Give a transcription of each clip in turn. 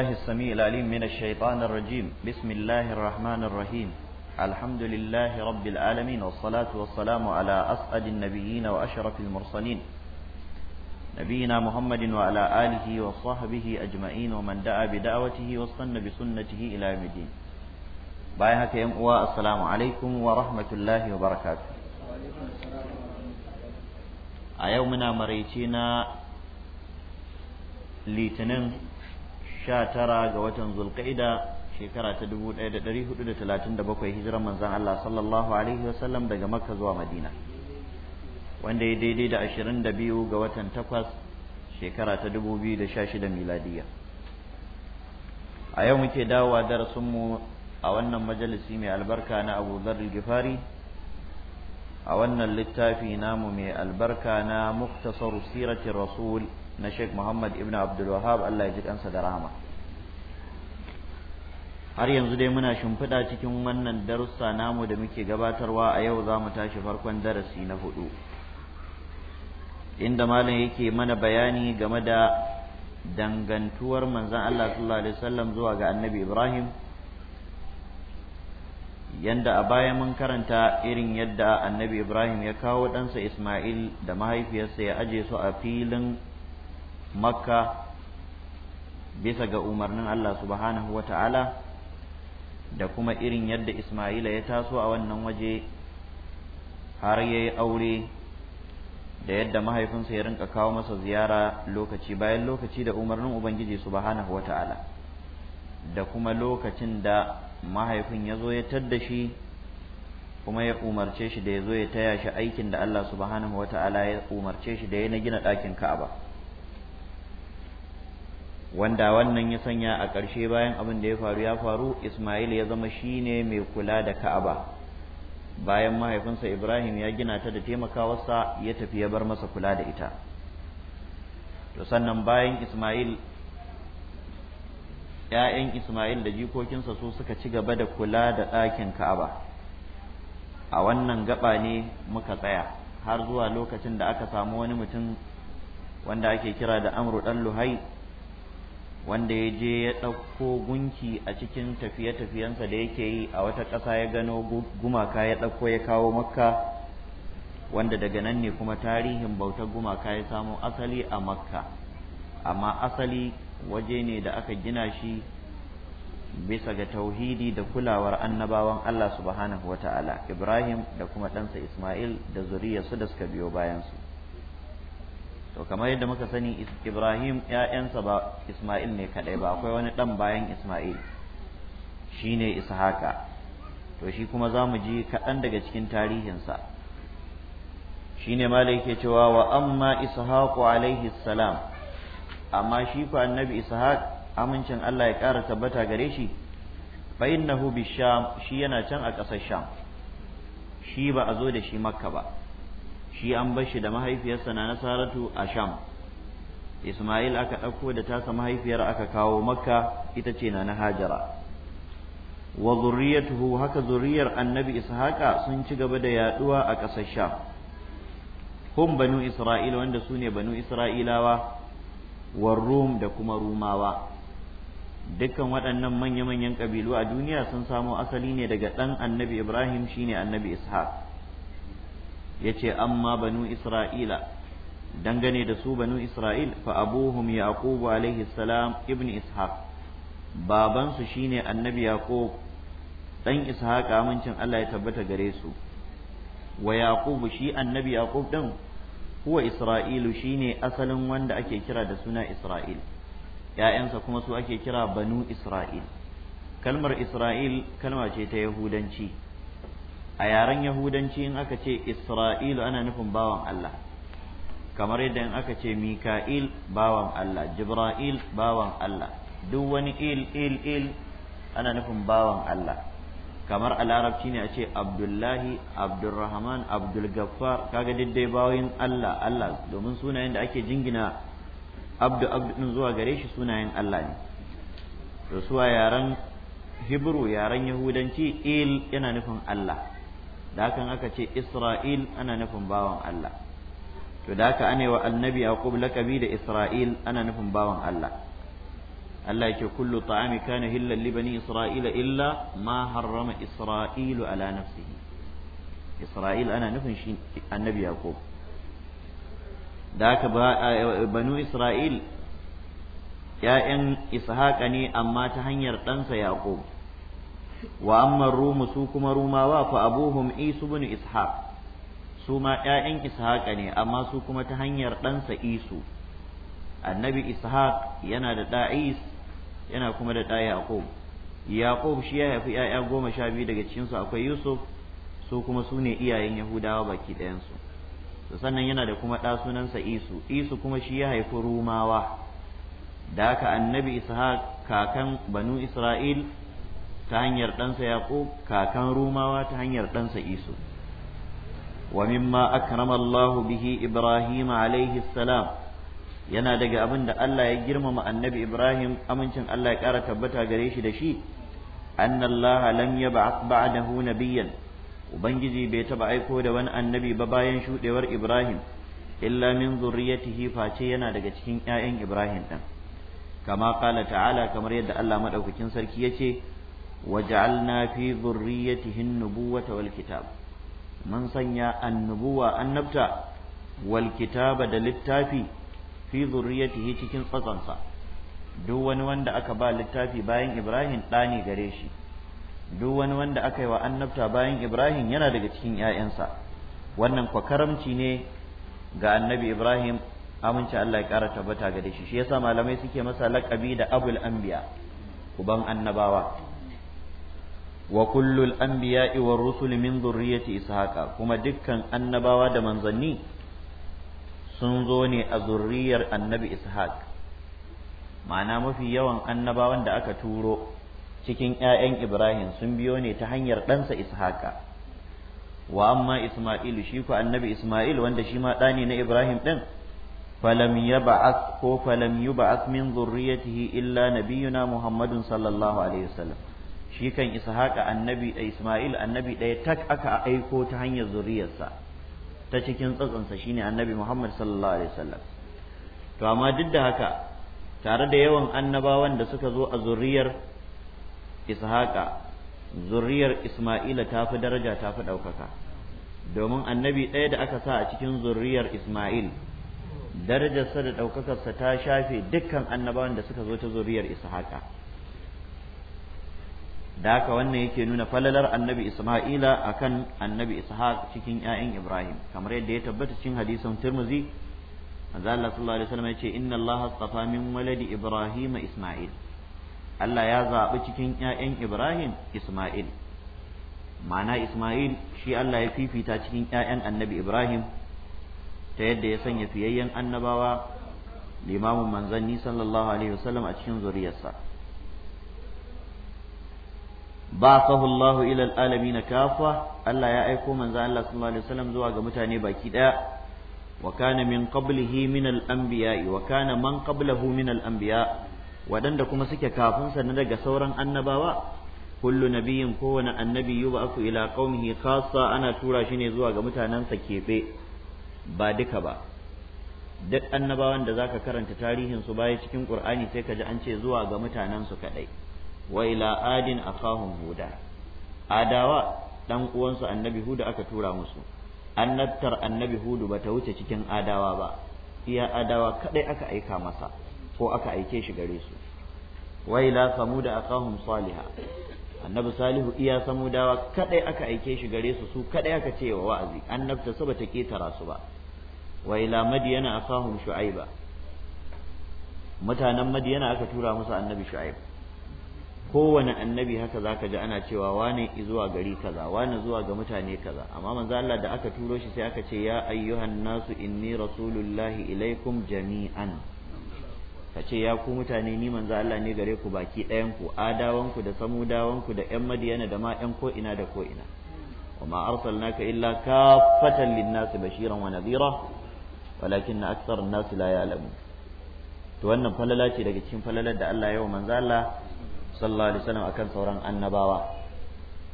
الله السميع العليم من الشيطان الرجيم بسم الله الرحمن الرحيم الحمد لله رب العالمين والصلاة والسلام على أسعد النبيين وأشرف المرسلين نبينا محمد وعلى آله وصحبه أجمعين ومن دعا بدعوته واستنى بسنته إلى يوم الدين بايهك يم السلام عليكم ورحمة الله وبركاته a yau muna maraice na litinin sha tara ga watan zulkaida shekara ta dubu ɗaya da hudu da talatin da bakwai manzan Allah sallallahu alaihi wasallam daga makka zuwa madina wanda ya daidai da ashirin da biyu ga watan takwas shekara ta dubu biyu da sha shida miladiya a yau muke dawowa darasinmu a wannan majalisi mai albarka na abu dhar gifari a wannan littafi namu mai albarka na muktasar siratin rasul na Sheikh Muhammad ibn Abdul Wahhab Allah ya ji kansa da rahama har yanzu dai muna shimfiɗa cikin wannan darussa namu da muke gabatarwa a yau za mu tashi farkon darasi na hudu inda malam yake mana bayani game da dangantuwar manzon Allah sallallahu alaihi wasallam zuwa ga annabi Ibrahim yanda a baya mun karanta irin yadda annabi Ibrahim ya kawo ɗansa Ismail da mahaifiyarsa ya aje su a filin makka bisa ga umarnin Allah subhanahu wa ta'ala da kuma irin yadda Ismaila ya taso a wannan waje har ya yi aure da yadda mahaifinsa ya rinka kawo masa ziyara lokaci bayan lokaci da umarnin Ubangiji subhanahu wa ta'ala da kuma lokacin da mahaifin ya zo ya tadda shi kuma ya umarce shi da ya zo ya taya shi aikin da Allah subhanahu wa ta'ala ya umarce shi da ya na gina ɗakin Ka'aba. wanda wannan ya sanya a ƙarshe bayan abin da ya faru ya faru Ismail ya zama shine mai kula da Ka'aba bayan mahaifinsa Ibrahim ya gina ta da taimakawarsa ya tafi ya bar masa kula da ita to sannan bayan Ismail ‘ya'yan Ismail da jikokinsa su suka ci gaba da kula da ɗakin Ka'aba a wannan gaba ne muka tsaya har zuwa lokacin da aka samu wani mutum wanda ake kira da Amru ɗan Luhai wanda ya je ya ɗauko gunki a cikin tafiye-tafiyensa da yake yi a wata ƙasa ya gano gumaka ya ɗauko ya kawo makka wanda daga nan ne kuma tarihin bauta gumaka ya samo asali a makka amma asali waje ne da aka gina shi bisa ga tauhidi da kulawar annabawan Allah subhanahu ta’ala Ibrahim da kuma ɗansa Ismail da Zuriya su da suka biyo bayansu to kamar yadda muka sani Ibrahim ‘ya'yansa ba Ismail ne kadai ba akwai wani dan bayan Ismail shi ne Ishaka to shi kuma za mu ji kaɗan daga cikin tarihinsa shi ne ma yake cewa wa amma Ishaku alaihi salam amma shi fa annabi Ishaq amincin Allah ya ƙara tabbata gare shi fa innahu bisham shi yana can a ƙasar Sham shi ba a zo da shi Makka ba shi an bar shi da mahaifiyarsa na nasaratu a sham isma'il aka ɗauko da tasa mahaifiyar aka kawo makka ita ce na hajara wa zurriyatuhu haka zurriyar annabi ishaqa sun ci gaba da yaduwa a ƙasar sham hum banu isra'ila wanda su ne banu isra'ilawa wa rum da kuma rumawa dukkan waɗannan manya-manyan ƙabilu a duniya sun samo asali ne daga ɗan annabi ibrahim shine annabi ishaq Ya ce amma banu isra'ila dangane da su banu isra'il fa abuhum yaqub alayhi salam ibn ishaq baban su shine annabi yaqub dan ishaq amincin Allah ya tabbata gare su wa yaqub shi annabi yaqub din huwa isra'ilu shine asalin wanda ake kira da suna isra'il ‘ya'yansa kuma su ake kira banu isra'il kalmar isra'il kalma ce ta yahudanci a yaren yahudanci in aka ce isra'ilu ana nufin bawan Allah kamar yadda in aka ce mika'il bawan Allah jibra'il bawan Allah duk wani il il il ana nufin bawan Allah kamar al'arabci ne a ce abdullahi abdulrahman abdulgaffar kaga dai bawoyin Allah Allah domin sunayen da ake jingina abdu abdu din zuwa gare shi sunayen Allah ne to suwa yaren hibru yaren yahudanci il yana nufin Allah da hakan aka ce Isra'il ana nufin bawan Allah to da haka ane wa annabi Yaqub lakabi da Isra'il ana nufin bawan Allah Allah yake kullu ta'ami kana hillal li bani Isra'ila illa ma harrama Isra'ilu ala nafsihi Isra'il ana nufin shi annabi Yaqub da haka banu Isra'il ‘ya'yan Ishaqa ne amma ta hanyar ɗansa Yaqub wa amma rumu su kuma rumawa fa abuhum isu bin ishaq su ma ƴaƴan ishaqa ne amma su kuma ta hanyar ɗansa isu annabi ishaq yana da yana kuma da ɗa yaqub yaqub shi ya haifi ƴaƴa goma sha biyu daga cikinsu akwai yusuf su kuma su ne iyayen yahudawa baki ɗayansu sannan yana da kuma ɗa sunansa isu isu kuma shi ya haifi rumawa da haka annabi ishaq kakan banu isra'il ta hanyar ɗansa yaqub kakan rumawa ta hanyar ɗansa isu wa mimma akrama Allahu bihi ibrahim alaihi salam yana daga abin da Allah ya girmama annabi ibrahim amincin Allah ya ƙara tabbata gare shi da shi anna Allah lam yab'ath ba'dahu nabiyyan ubangiji bai taba aiko da wani annabi ba bayan shudewar ibrahim illa min zurriyatihi face yana daga cikin 'ya'yan ibrahim din kama qala ta'ala kamar yadda Allah madaukakin sarki yace وجعلنا في ذريته النبوة والكتاب من صنع النبوة النبتة والكتاب دلتافي في ذريته تكن قصنصا duk wani wanda aka ba littafi bayan Ibrahim ɗani gare shi duk wani wanda aka yi wa annabta bayan Ibrahim yana daga cikin ‘ya'yansa wannan kwa karamci ne ga annabi Ibrahim aminci Allah ya ƙara tabbata gare shi shi yasa malamai suke masa lakabi da abul anbiya uban annabawa wa kullul anbiya'i war rusul min zurriyyati ishaqa kuma dukkan annabawa da manzanni sun zo ne a zurriyar annabi ishaq ma'ana mafi yawan annabawan da aka turo cikin 'ya'yan ibrahim sun biyo ne ta hanyar ɗansa ishaqa wa amma Isma'il shi ku annabi isma'il wanda shi ma ɗani na ibrahim ɗin falam yab'ath ko falam yub'ath min zurriyatihi illa nabiyyuna muhammadun sallallahu alaihi wasallam shi kan ishaqa annabi isma'il annabi ɗaya tak aka aiko ta hanyar zuriyarsa ta cikin tsatsansa shine annabi muhammad sallallahu alaihi wasallam to amma duk da haka tare da yawan annabawan da suka zo a zuriyar ishaqa zuriyar isma'ila ta fi daraja ta fi ɗaukaka domin annabi ɗaya da aka sa a cikin zuriyar isma'il darajarsa da ɗaukakarsa ta shafe dukkan annabawan da suka zo ta zuriyar ishaqa da haka wannan yake nuna falalar annabi isma'ila akan annabi ishaq cikin 'ya'yan ibrahim kamar yadda ya tabbata cikin hadisin tirmizi manzo Allah sallallahu alaihi wasallam yace inna Allah astafa min waladi Ibrahim Isma'il Allah ya zaɓi cikin ƴaƴan Ibrahim Isma'il ma'ana Isma'il shi Allah ya fifita cikin ƴaƴan Annabi Ibrahim ta yadda ya sanya fiyayyen annabawa limamin manzanni sallallahu alaihi wasallam a cikin zuriyarsa ba'athahu Allahu ilal alami na kafa Allah ya aiko manzo Allah sallallahu alaihi wasallam zuwa ga mutane baki ɗaya. wa kana min min al-anbiya wa kana min al-anbiya kuma suke kafin sa daga sauran annabawa kullu nabiyyin kowane annabi yub'athu ila qaumihi khassa ana tura shi ne zuwa ga mutanansa kebe ba duka ba duk annabawan da zaka karanta tarihin su baya cikin qur'ani sai ka ji an ce zuwa ga mutanansu kaɗai. wa ila adin akahum huda adawa dan uwansu annabi hudu aka tura musu annabtar annabi hudu bata wuce cikin adawa ba iya adawa kadai aka aika masa ko aka aike shi gare su wa ila samuda akahum saliha annabi salihu iya samudawa kadai aka aike shi gare su su kadai aka ce wa wa'azi annabta su bata ketara su ba wa ila madiyana akahum shu'aiba mutanen madiyana aka tura musu annabi shu'aib kowane annabi haka zaka ji ana cewa wane zuwa gari kaza wane zuwa ga mutane kaza amma manzo Allah da aka turo shi sai aka ce ya ayyuhan nasu inni rasulullahi ilaikum jami'an ce ya ku mutane ni manzo Allah ne gare ku baki ɗayan ku adawan ku da samudawan ku da ƴan madiyana da ma ƴan ko ina da ko ina وما أرسلناك إلا bashiran للناس بشيرا ونذيرا ولكن أكثر الناس لا يعلمون to wannan falala ce daga cikin falalar da Allah yau manzo sallallahu alaihi wasallam akan sauran annabawa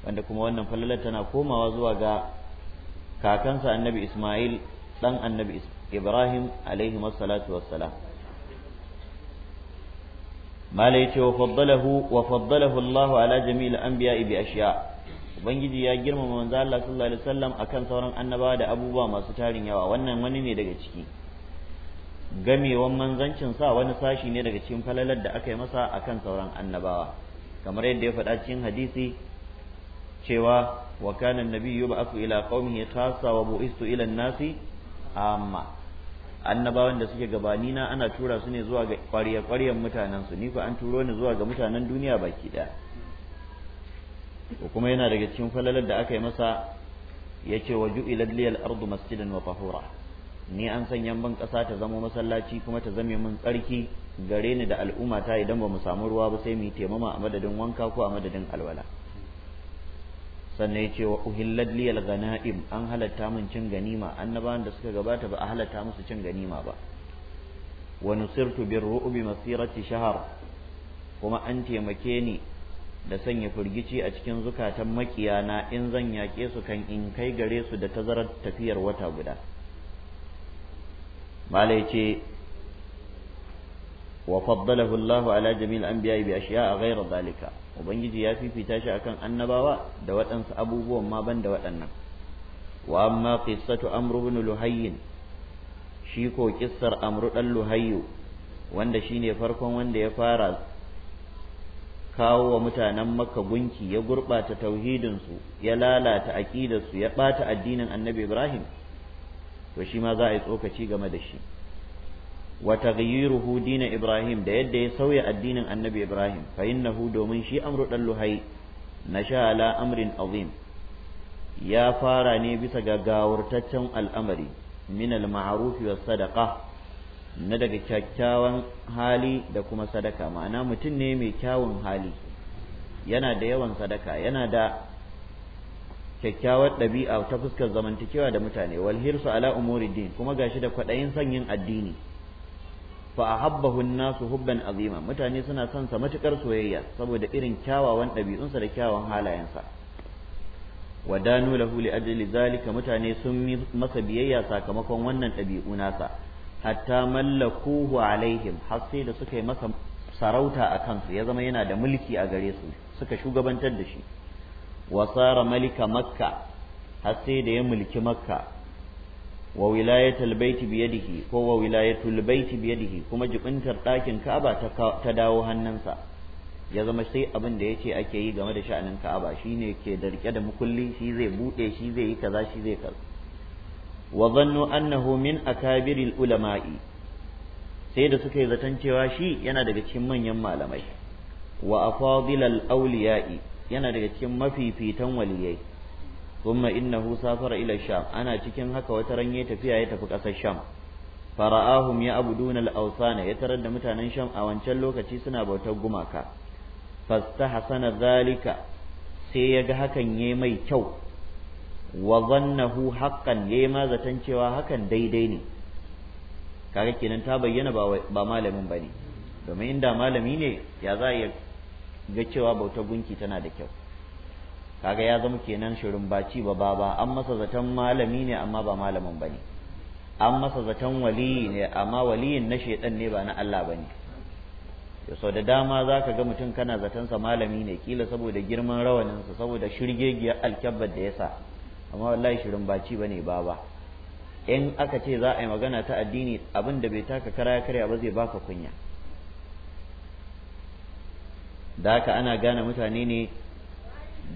wanda kuma wannan fallalar tana komawa zuwa ga kakansa annabi Ismail dan annabi Ibrahim alaihi wassalatu wassalam mala yace wa faddalahu wa faddalahu Allah ala jami'il anbiya'i bi ashiya ubangiji ya girmama manzo Allah sallallahu alaihi wasallam akan sauran annabawa da abubuwa masu tarin yawa wannan wani ne daga ciki gamewan manzancin sa wani sashi ne daga cikin falalar da aka yi masa akan sauran annabawa kamar yadda ya faɗa cikin hadisi cewa wa kana annabiyyu yub'athu ila qaumihi khassa wa bu'istu ila an-nasi amma annabawan da suke gabani na ana tura su ne zuwa ga ƙwarya mutanen su ni fa an turo ni zuwa ga mutanen duniya baki ɗaya kuma yana daga cikin falalar da aka yi masa yace wa ju'ilat liyal ardu masjidan wa tahura ni an sanya ban ƙasa ta zama masallaci kuma ta zame min tsarki gare ni da al'umma ta idan ba mu samu ruwa ba sai mu yi taimama a madadin wanka ko a madadin alwala sannan ya ce wa uhillat liyal ganaim an halatta mun cin ganima annabawan da suka gabata ba a halatta musu cin ganima ba wa nusirtu bir ru'bi masirati shahar kuma an taimake ni da sanya firgici a cikin zukatan makiyana in zan yaƙe su kan in kai gare su da tazarar tafiyar wata guda malai ce wa faddalahu Allahu ala jami'il anbiya'i bi ashiya'a ghayra zalika ubangiji ya fifita shi akan annabawa da waɗansu abubuwan ma ban da waɗannan wa amma qissatu amru ibn luhayyin shi ko kissar amru dan luhayyu wanda shine farkon wanda ya fara kawo wa mutanen makka gunki ya gurɓata tauhidinsu ya lalata aƙidarsu ya ɓata addinin annabi ibrahim to shi ma za a yi tsokaci game da shi wa taghyiruhu dina ibrahim da yadda ya sauya addinin annabi ibrahim fa innahu domin shi amru dan luhai nasha ala amrin azim ya fara ne bisa ga gawurtaccen al'amari min al ma'ruf wa sadaqa na daga kyakkyawan hali da kuma sadaka ma'ana mutum ne mai kyawun hali yana da yawan sadaka yana da kyakkyawar ɗabi'a ta fuskar zamantakewa da mutane wal hirsu ala umuri din kuma gashi da kwaɗayin sanyin addini fa ahabbahu nasu hubban azima mutane suna son sa matukar soyayya saboda irin kyawawan ɗabi'unsa da kyawawan halayensa danu lahu li ajli zalika mutane sun yi masa biyayya sakamakon wannan ɗabi'u nasa hatta mallakuhu alaihim har sai da suka yi masa sarauta a kansu ya zama yana da mulki a gare su suka shugabantar da shi wa sara malika makka har sai da ya mulki makka wa wilayatul baiti biyadihi ko wa wilayatul baiti biyadihi kuma jibintar ɗakin ka'aba ta dawo hannunsa ya zama sai abin da yace ake yi game da sha'anin ka'aba shine ke da rike da mukulli shi zai bude shi zai yi kaza shi zai kaza wa zannu annahu min akabiril ulama'i sai da suka yi zaton cewa shi yana daga cikin manyan malamai wa afadilal awliya'i yana daga cikin mafifitan waliyai kuma innahu safara ila sham ana cikin haka wata ran tafiya ya tafi ƙasar sham fara'ahum ya abuduna al-awsana ya tarar da mutanen sham a wancan lokaci suna bautar gumaka fastahsana zalika sai ya ga hakan yayi mai kyau wa zannahu haqqan yayi ma zaton cewa hakan daidai ne kaga kenan ta bayyana ba malamin bane domin inda malami ne ya za ya ga cewa bauta gunki tana da kyau kaga ya zama kenan shirin baci ba ba an masa zaton malami ne amma ba malamin bane an masa zaton wali ne amma waliyin na shedan ne ba na Allah bane sau da dama zaka ga mutum kana zaton sa malami ne kila saboda girman rawaninsa saboda shirgegiyar alkabbar da ya sa amma wallahi shirin baci bane baba in aka ce za a yi magana ta addini abin da bai taka kara ya karya ba zai baka kunya da haka ana gane mutane ne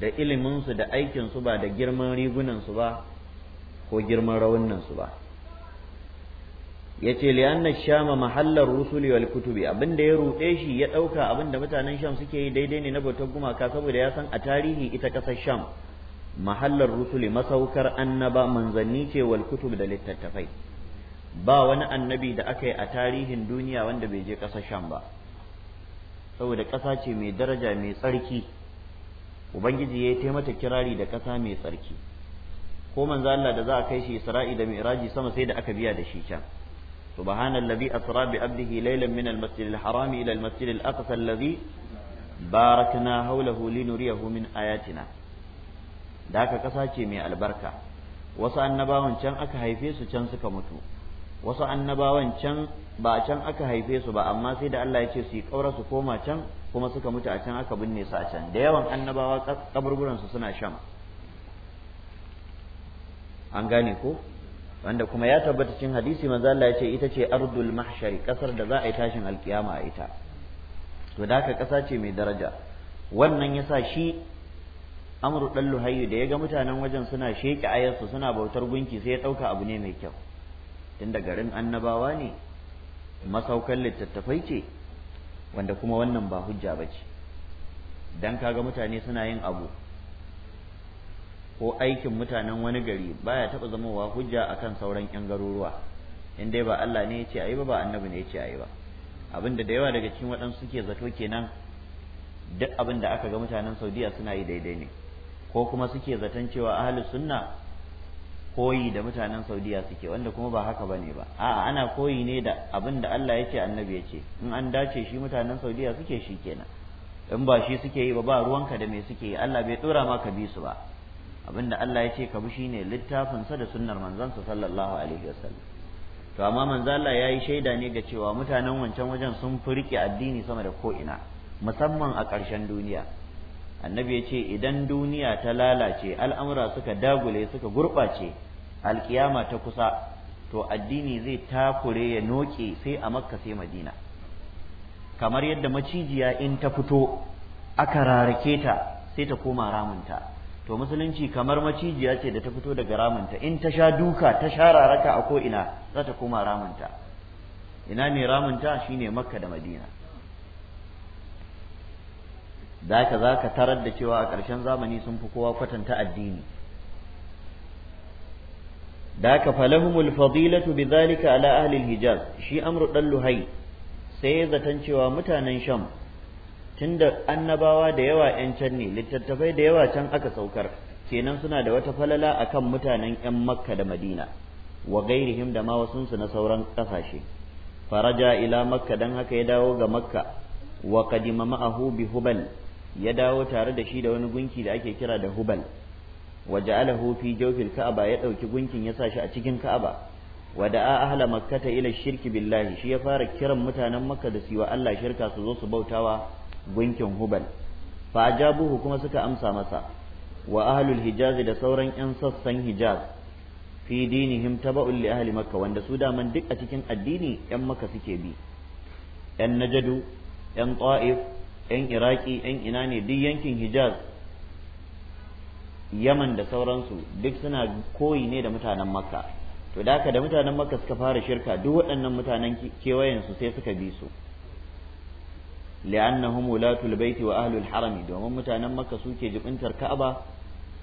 da iliminsu da aikinsu ba da girman rigunansu ba ko girman rawunansu ba ya ce li'anna shama mahallar rusuli wal kutubi abin ya ruɗe shi ya ɗauka abinda mutanen sham suke yi daidai ne na bautar gumaka saboda ya san a tarihi ita ƙasar sham mahallar rusuli masaukar annaba manzanni ce wal kutub da littattafai ba wani annabi da aka yi a tarihin duniya wanda bai je ƙasar sham ba saboda ƙasa ce mai daraja mai tsarki ubangiji ya yi mata kirari da ƙasa mai tsarki ko manzo Allah da za a kai shi Isra'i da Mi'raji sama sai da aka biya da shi can subhanallazi asra bi abdihi laylan min al-masjidil harami ila al-masjidil aqsa allazi barakna hawlahu linuriyahu min ayatina da aka ƙasa ce mai albarka wasu annabawan can aka haife su can suka mutu wasu annabawan can ba a can aka haife su ba amma sai da Allah ya ce su yi ƙaura su koma can kuma suka mutu a can aka binne su a can da yawan annabawa kaburburan su suna sham an gane ko wanda kuma ya tabbata cikin hadisi manzo Allah ya ce ita ce ardul mahshari kasar da za a yi tashin alkiyama a ita to da haka kasa ce mai daraja wannan yasa shi amru dallu luhayyu da ya ga mutanen wajen suna sheke ayarsu suna bautar gunki sai ya dauka abu ne mai kyau tunda garin annabawa ne masaukan littattafai ce wanda kuma wannan ba hujja ba ce don kaga mutane suna yin abu ko aikin mutanen wani gari baya taɓa zamowa hujja akan sauran 'yan garuruwa in dai ba Allah ne ya ce ayi ba ba annabi ne ya ce ayi ba abinda da yawa daga cikin waɗansu suke zato kenan duk abin da aka ga mutanen saudiya suna yi daidai ne ko kuma suke zaton cewa ahalus sunna koyi da mutanen saudiya suke wanda kuma ba haka bane ba a'a ana koyi ne da abin da Allah ya ce annabi ya ce in an dace shi mutanen saudiya suke shi kenan in ba shi suke yi ba ba ruwanka da me suke yi Allah bai dora ma ka bi su ba abin da Allah ya ce ka bi shine littafin sa da sunnar sa sallallahu alaihi wasallam to amma manzo Allah yi shaida ne ga cewa mutanen wancan wajen sun fi addini sama da ko ina musamman a ƙarshen duniya annabi ya ce idan duniya ta lalace al'amura suka dagule suka gurɓace alkiyama ta kusa to addini zai takure ya noke sai a makka sai madina kamar yadda macijiya in ta fito aka rarake ta sai ta koma ramunta to musulunci kamar macijiya ce da ta fito daga ramunta in ta sha duka ta sha raraka a ko'ina za ta koma ramunta ina ne ramunta shine makka da madina da ka za ka tarar da cewa a ƙarshen zamani sun fi kowa kwatanta addini da haka falahumul fadilatu bidhalika ala ahli hijaz shi amru dan luhai sai ya zaton cewa mutanen sham tunda annabawa da yawa yan can ne littattafai da yawa can aka saukar kenan suna da wata falala akan mutanen yan makka da madina wa gairihim da ma wasunsu na sauran kasashe faraja ila makka dan haka ya dawo ga makka wa qadima ma'ahu bi hubal ya dawo tare da shi da wani gunki da ake kira da hubal وجعله في جوف الكعبة يدعو كبنكين يساش أتكين كعبة ودعا أهل مكة إلى الشرك بالله شي فارك كرم متانا مكة سوى الله شركة سوزوس بوتاوى بنكين هبل فأجابوه كما سكا أمسى مسا وأهل الحجاز da sauran 'yan sassan Hijaz fi dinihim taba'un li ahli makka wanda su da man duk a cikin addini 'yan makka suke bi 'yan najadu 'yan ta'if 'yan iraki 'yan ina ne duk yankin Hijaz yaman da sauransu duk suna koyi ne da mutanen makka to da haka da mutanen makka suka fara shirka duk waɗannan mutanen kewayensu sai suka bi su li'annahum ulatul baiti wa ahlul harami domin mutanen makka suke jibintar ka'aba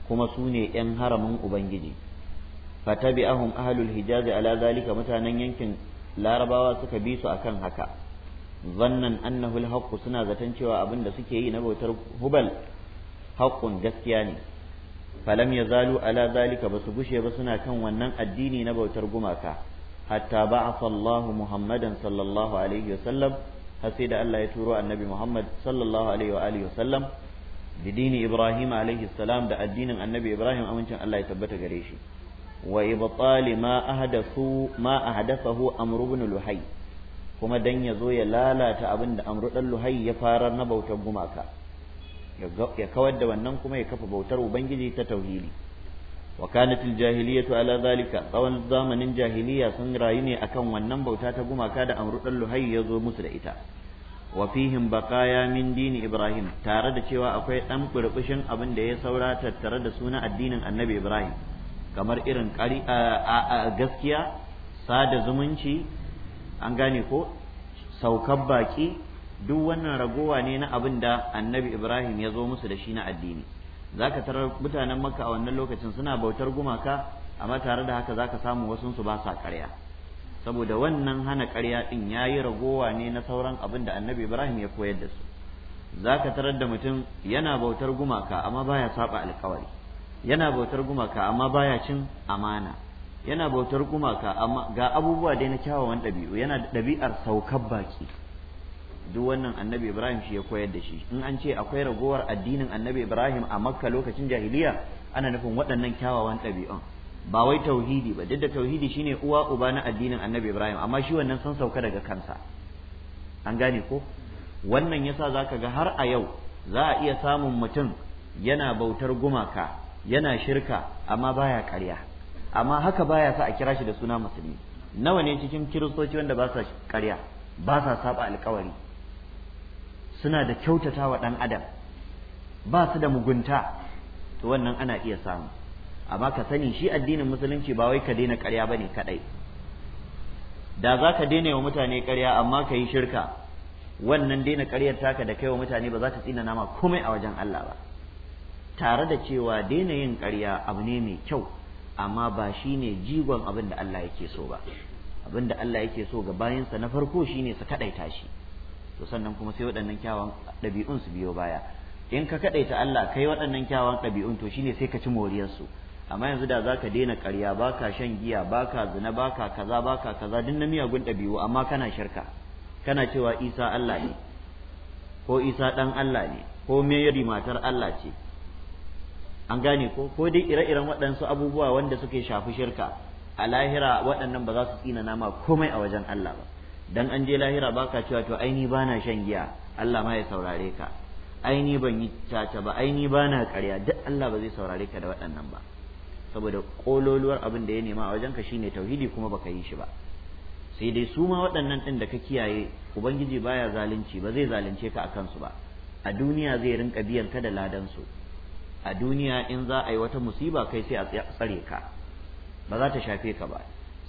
kuma su ne yan haramin ubangiji fatabi'ahum ahlul hijazi ala zalika mutanen yankin larabawa suka bi su akan haka zannan annahu alhaqqu suna zaton cewa abin da suke yi na bautar hubal haqqun gaskiya ne falam zalu ala zalika ba su gushe ba suna kan wannan addini na bautar gumaka hatta ba'atha Allahu Muhammadan sallallahu alaihi wasallam har sai da Allah ya turo annabi Muhammad sallallahu alaihi wa alihi wasallam bidini Ibrahim alaihi salam da addinin annabi Ibrahim amincin Allah ya tabbata gare shi wa ibtali ma ahdathu ma ahdathahu Amr ibn Luhay kuma dan yazo ya lalata abin da Amr dan Luhay ya farar na bautar gumaka ya kawar da wannan kuma ya kafa bautar ubangiji ta tauhidi wa kanat aljahiliyatu ala zalika tsawon zamanin jahiliya sun rayu ne akan wannan bauta ta gumaka da amru dan ya zo musu da ita wa fihim baqaya min dini ibrahim tare da cewa akwai dan burbushin abin da ya saura tattare da suna addinin annabi ibrahim kamar irin gaskiya sada zumunci an gane ko saukar baki duk wannan ragowa ne na abin da annabi ibrahim ya zo musu da shi na addini za ka tarar mutanen makka a wannan lokacin suna bautar gumaka amma tare da haka za ka samu wasu su ba sa karya saboda wannan hana karya din ya yi ragowa ne na sauran abin da annabi ibrahim ya koyar da su za ka tarar da mutum yana bautar gumaka amma baya saba alkawari yana bautar gumaka amma baya cin amana yana bautar gumaka amma ga abubuwa dai na kyawawan ɗabi'u yana ɗabi'ar saukar baki duk wannan annabi ibrahim shi ya koyar da shi in an ce akwai ragowar addinin annabi ibrahim a makka lokacin jahiliya ana nufin waɗannan kyawawan ɗabi'un ba wai tauhidi ba duk da tauhidi shine uwa uba na addinin annabi ibrahim amma shi wannan sun sauka daga kansa an gane ko wannan yasa zaka ga har a yau za a iya samun mutum yana bautar gumaka yana shirka amma baya ƙarya amma haka baya sa a kira shi da suna musulmi nawa ne cikin kiristoci wanda ba sa ƙarya ba sa saba alƙawari suna da kyautata wa ɗan adam ba su da mugunta to wannan ana iya samu amma ka sani shi addinin musulunci ba wai ka daina ƙarya ba ne kaɗai da za ka daina wa mutane ƙarya amma ka yi shirka wannan daina ƙaryar taka da kai wa mutane ba za ta tsina nama komai a wajen Allah ba tare da cewa daina yin ƙarya abu ne mai kyau amma ba shi ne jigon abin da Allah yake so ba abin da Allah yake so ga bayansa na farko shine su kaɗaita shi to sannan kuma sai waɗannan kyawawan ɗabi'un su biyo baya in ka kaɗaita Allah kai waɗannan kyawawan ɗabi'un to shine sai ka ci moriyarsu amma yanzu da za ka daina ƙarya baka shan giya baka zina baka kaza baka kaza duk na miyagun ɗabi'u amma kana shirka kana cewa Isa Allah ne ko Isa ɗan Allah ne ko Mary matar Allah ce an gane ko ko dai ire-iren waɗansu abubuwa wanda suke shafi shirka a lahira waɗannan ba za su tsina nama komai a wajen Allah ba dan an je lahira baka cewa to aini bana shan giya Allah ma ya saurare ka aini ban yi caca ba aini bana karya duk Allah ba zai saurare ka da waɗannan ba saboda kololuwar abin da ya nema a wajenka shine tauhidi kuma baka yi shi ba sai dai su ma waɗannan ɗin da ka kiyaye ubangiji baya zalunci ba zai zalunce ka akan su ba a duniya zai rinka biyan ka da ladan su a duniya in za a yi wata musiba kai sai a tsare ka ba za ta shafe ka ba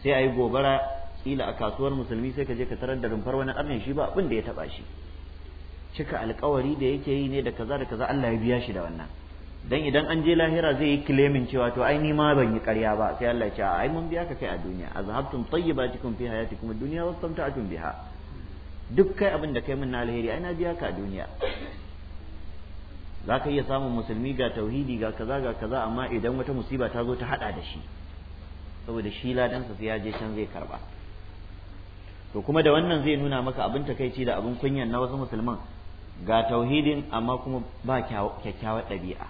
sai a yi gobara kila a kasuwar musulmi sai ka je ka tarar da rumfar wani arnin shi ba abin da ya taba shi cika alkawari da yake yi ne da kaza da kaza Allah ya biya shi da wannan dan idan an je lahira zai yi kilemin cewa to ai ni ma ban yi ƙarya ba sai Allah ya ce ai mun biya ka kai a duniya azhabtum tayyibatikum fi hayatikum ad-dunya wastamta'tum biha duk kai abin da kai min na alheri ai na biya ka a duniya zaka iya samun musulmi ga tauhidi ga kaza ga kaza amma idan wata musiba ta zo ta hada da shi saboda shi ladansa sai ya je can zai karba to kuma da wannan zai nuna maka abin takaici da abin kunyan na wasu musulman ga tauhidin amma kuma ba kyakkyawar ɗabi'a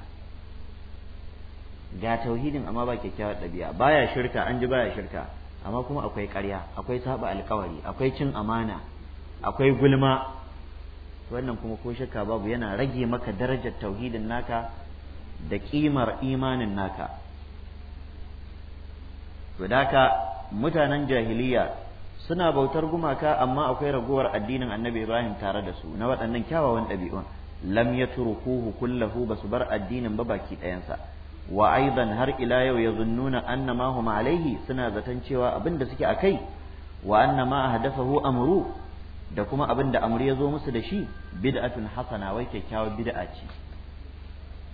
ga tauhidin amma ba kyakkyawar ɗabi'a baya shirka an ji baya shirka amma kuma akwai ƙarya akwai saba alkawari akwai cin amana akwai gulma wannan kuma ko shakka babu yana rage maka darajar tauhidin naka da ƙimar imanin naka to mutanen jahiliya suna bautar gumaka amma akwai ragowar addinin annabi Ibrahim tare da su na waɗannan kyawawan ɗabi'un lam yatrukuhu kullahu basu bar addinin ba baki ɗayansa wa aidan har ila yau ya anna ma hum alaihi suna zaton cewa abin da suke kai wa anna ma hu amru da kuma abin da ya zo musu da shi bid'atun hasana wai kyakkyawar bid'a ce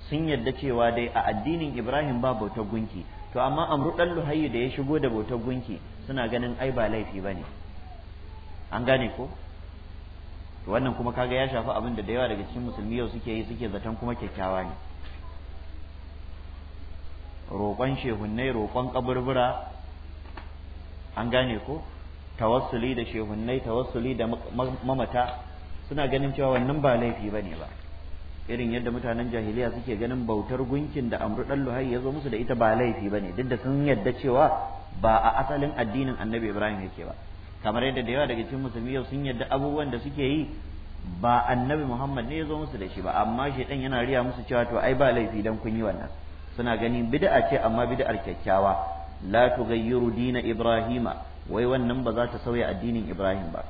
sun yadda cewa dai a addinin Ibrahim ba bautar gunki to amma amru ɗan luhayyu da ya shigo da bautar gunki suna ganin ai ba laifi ba ne an gane ko wannan kuma kaga ya shafi abin da da yawa daga cikin musulmi yau suke yi suke zaton kuma kyakkyawa ne roƙon shehunnai roƙon ƙaburbura an gane ko tawassuli da shehunnai tawassuli da mamata suna ganin cewa wannan ba laifi ba ne ba irin yadda mutanen jahiliya suke ganin bautar gunkin da amru ɗan luhai ya zo musu da ita ba laifi ba ne duk da sun yadda cewa ba a asalin addinin annabi ibrahim yake ba kamar yadda da yawa daga cikin musulmi yau sun yadda abubuwan da suke yi ba annabi muhammad ne ya zo musu da shi ba amma shaidan yana riya musu cewa to ai ba laifi dan kun yi wannan suna ganin bid'a ce amma bid'ar kyakkyawa la tughayyiru dina ibrahima wai wannan ba za ta sauya addinin ibrahim ba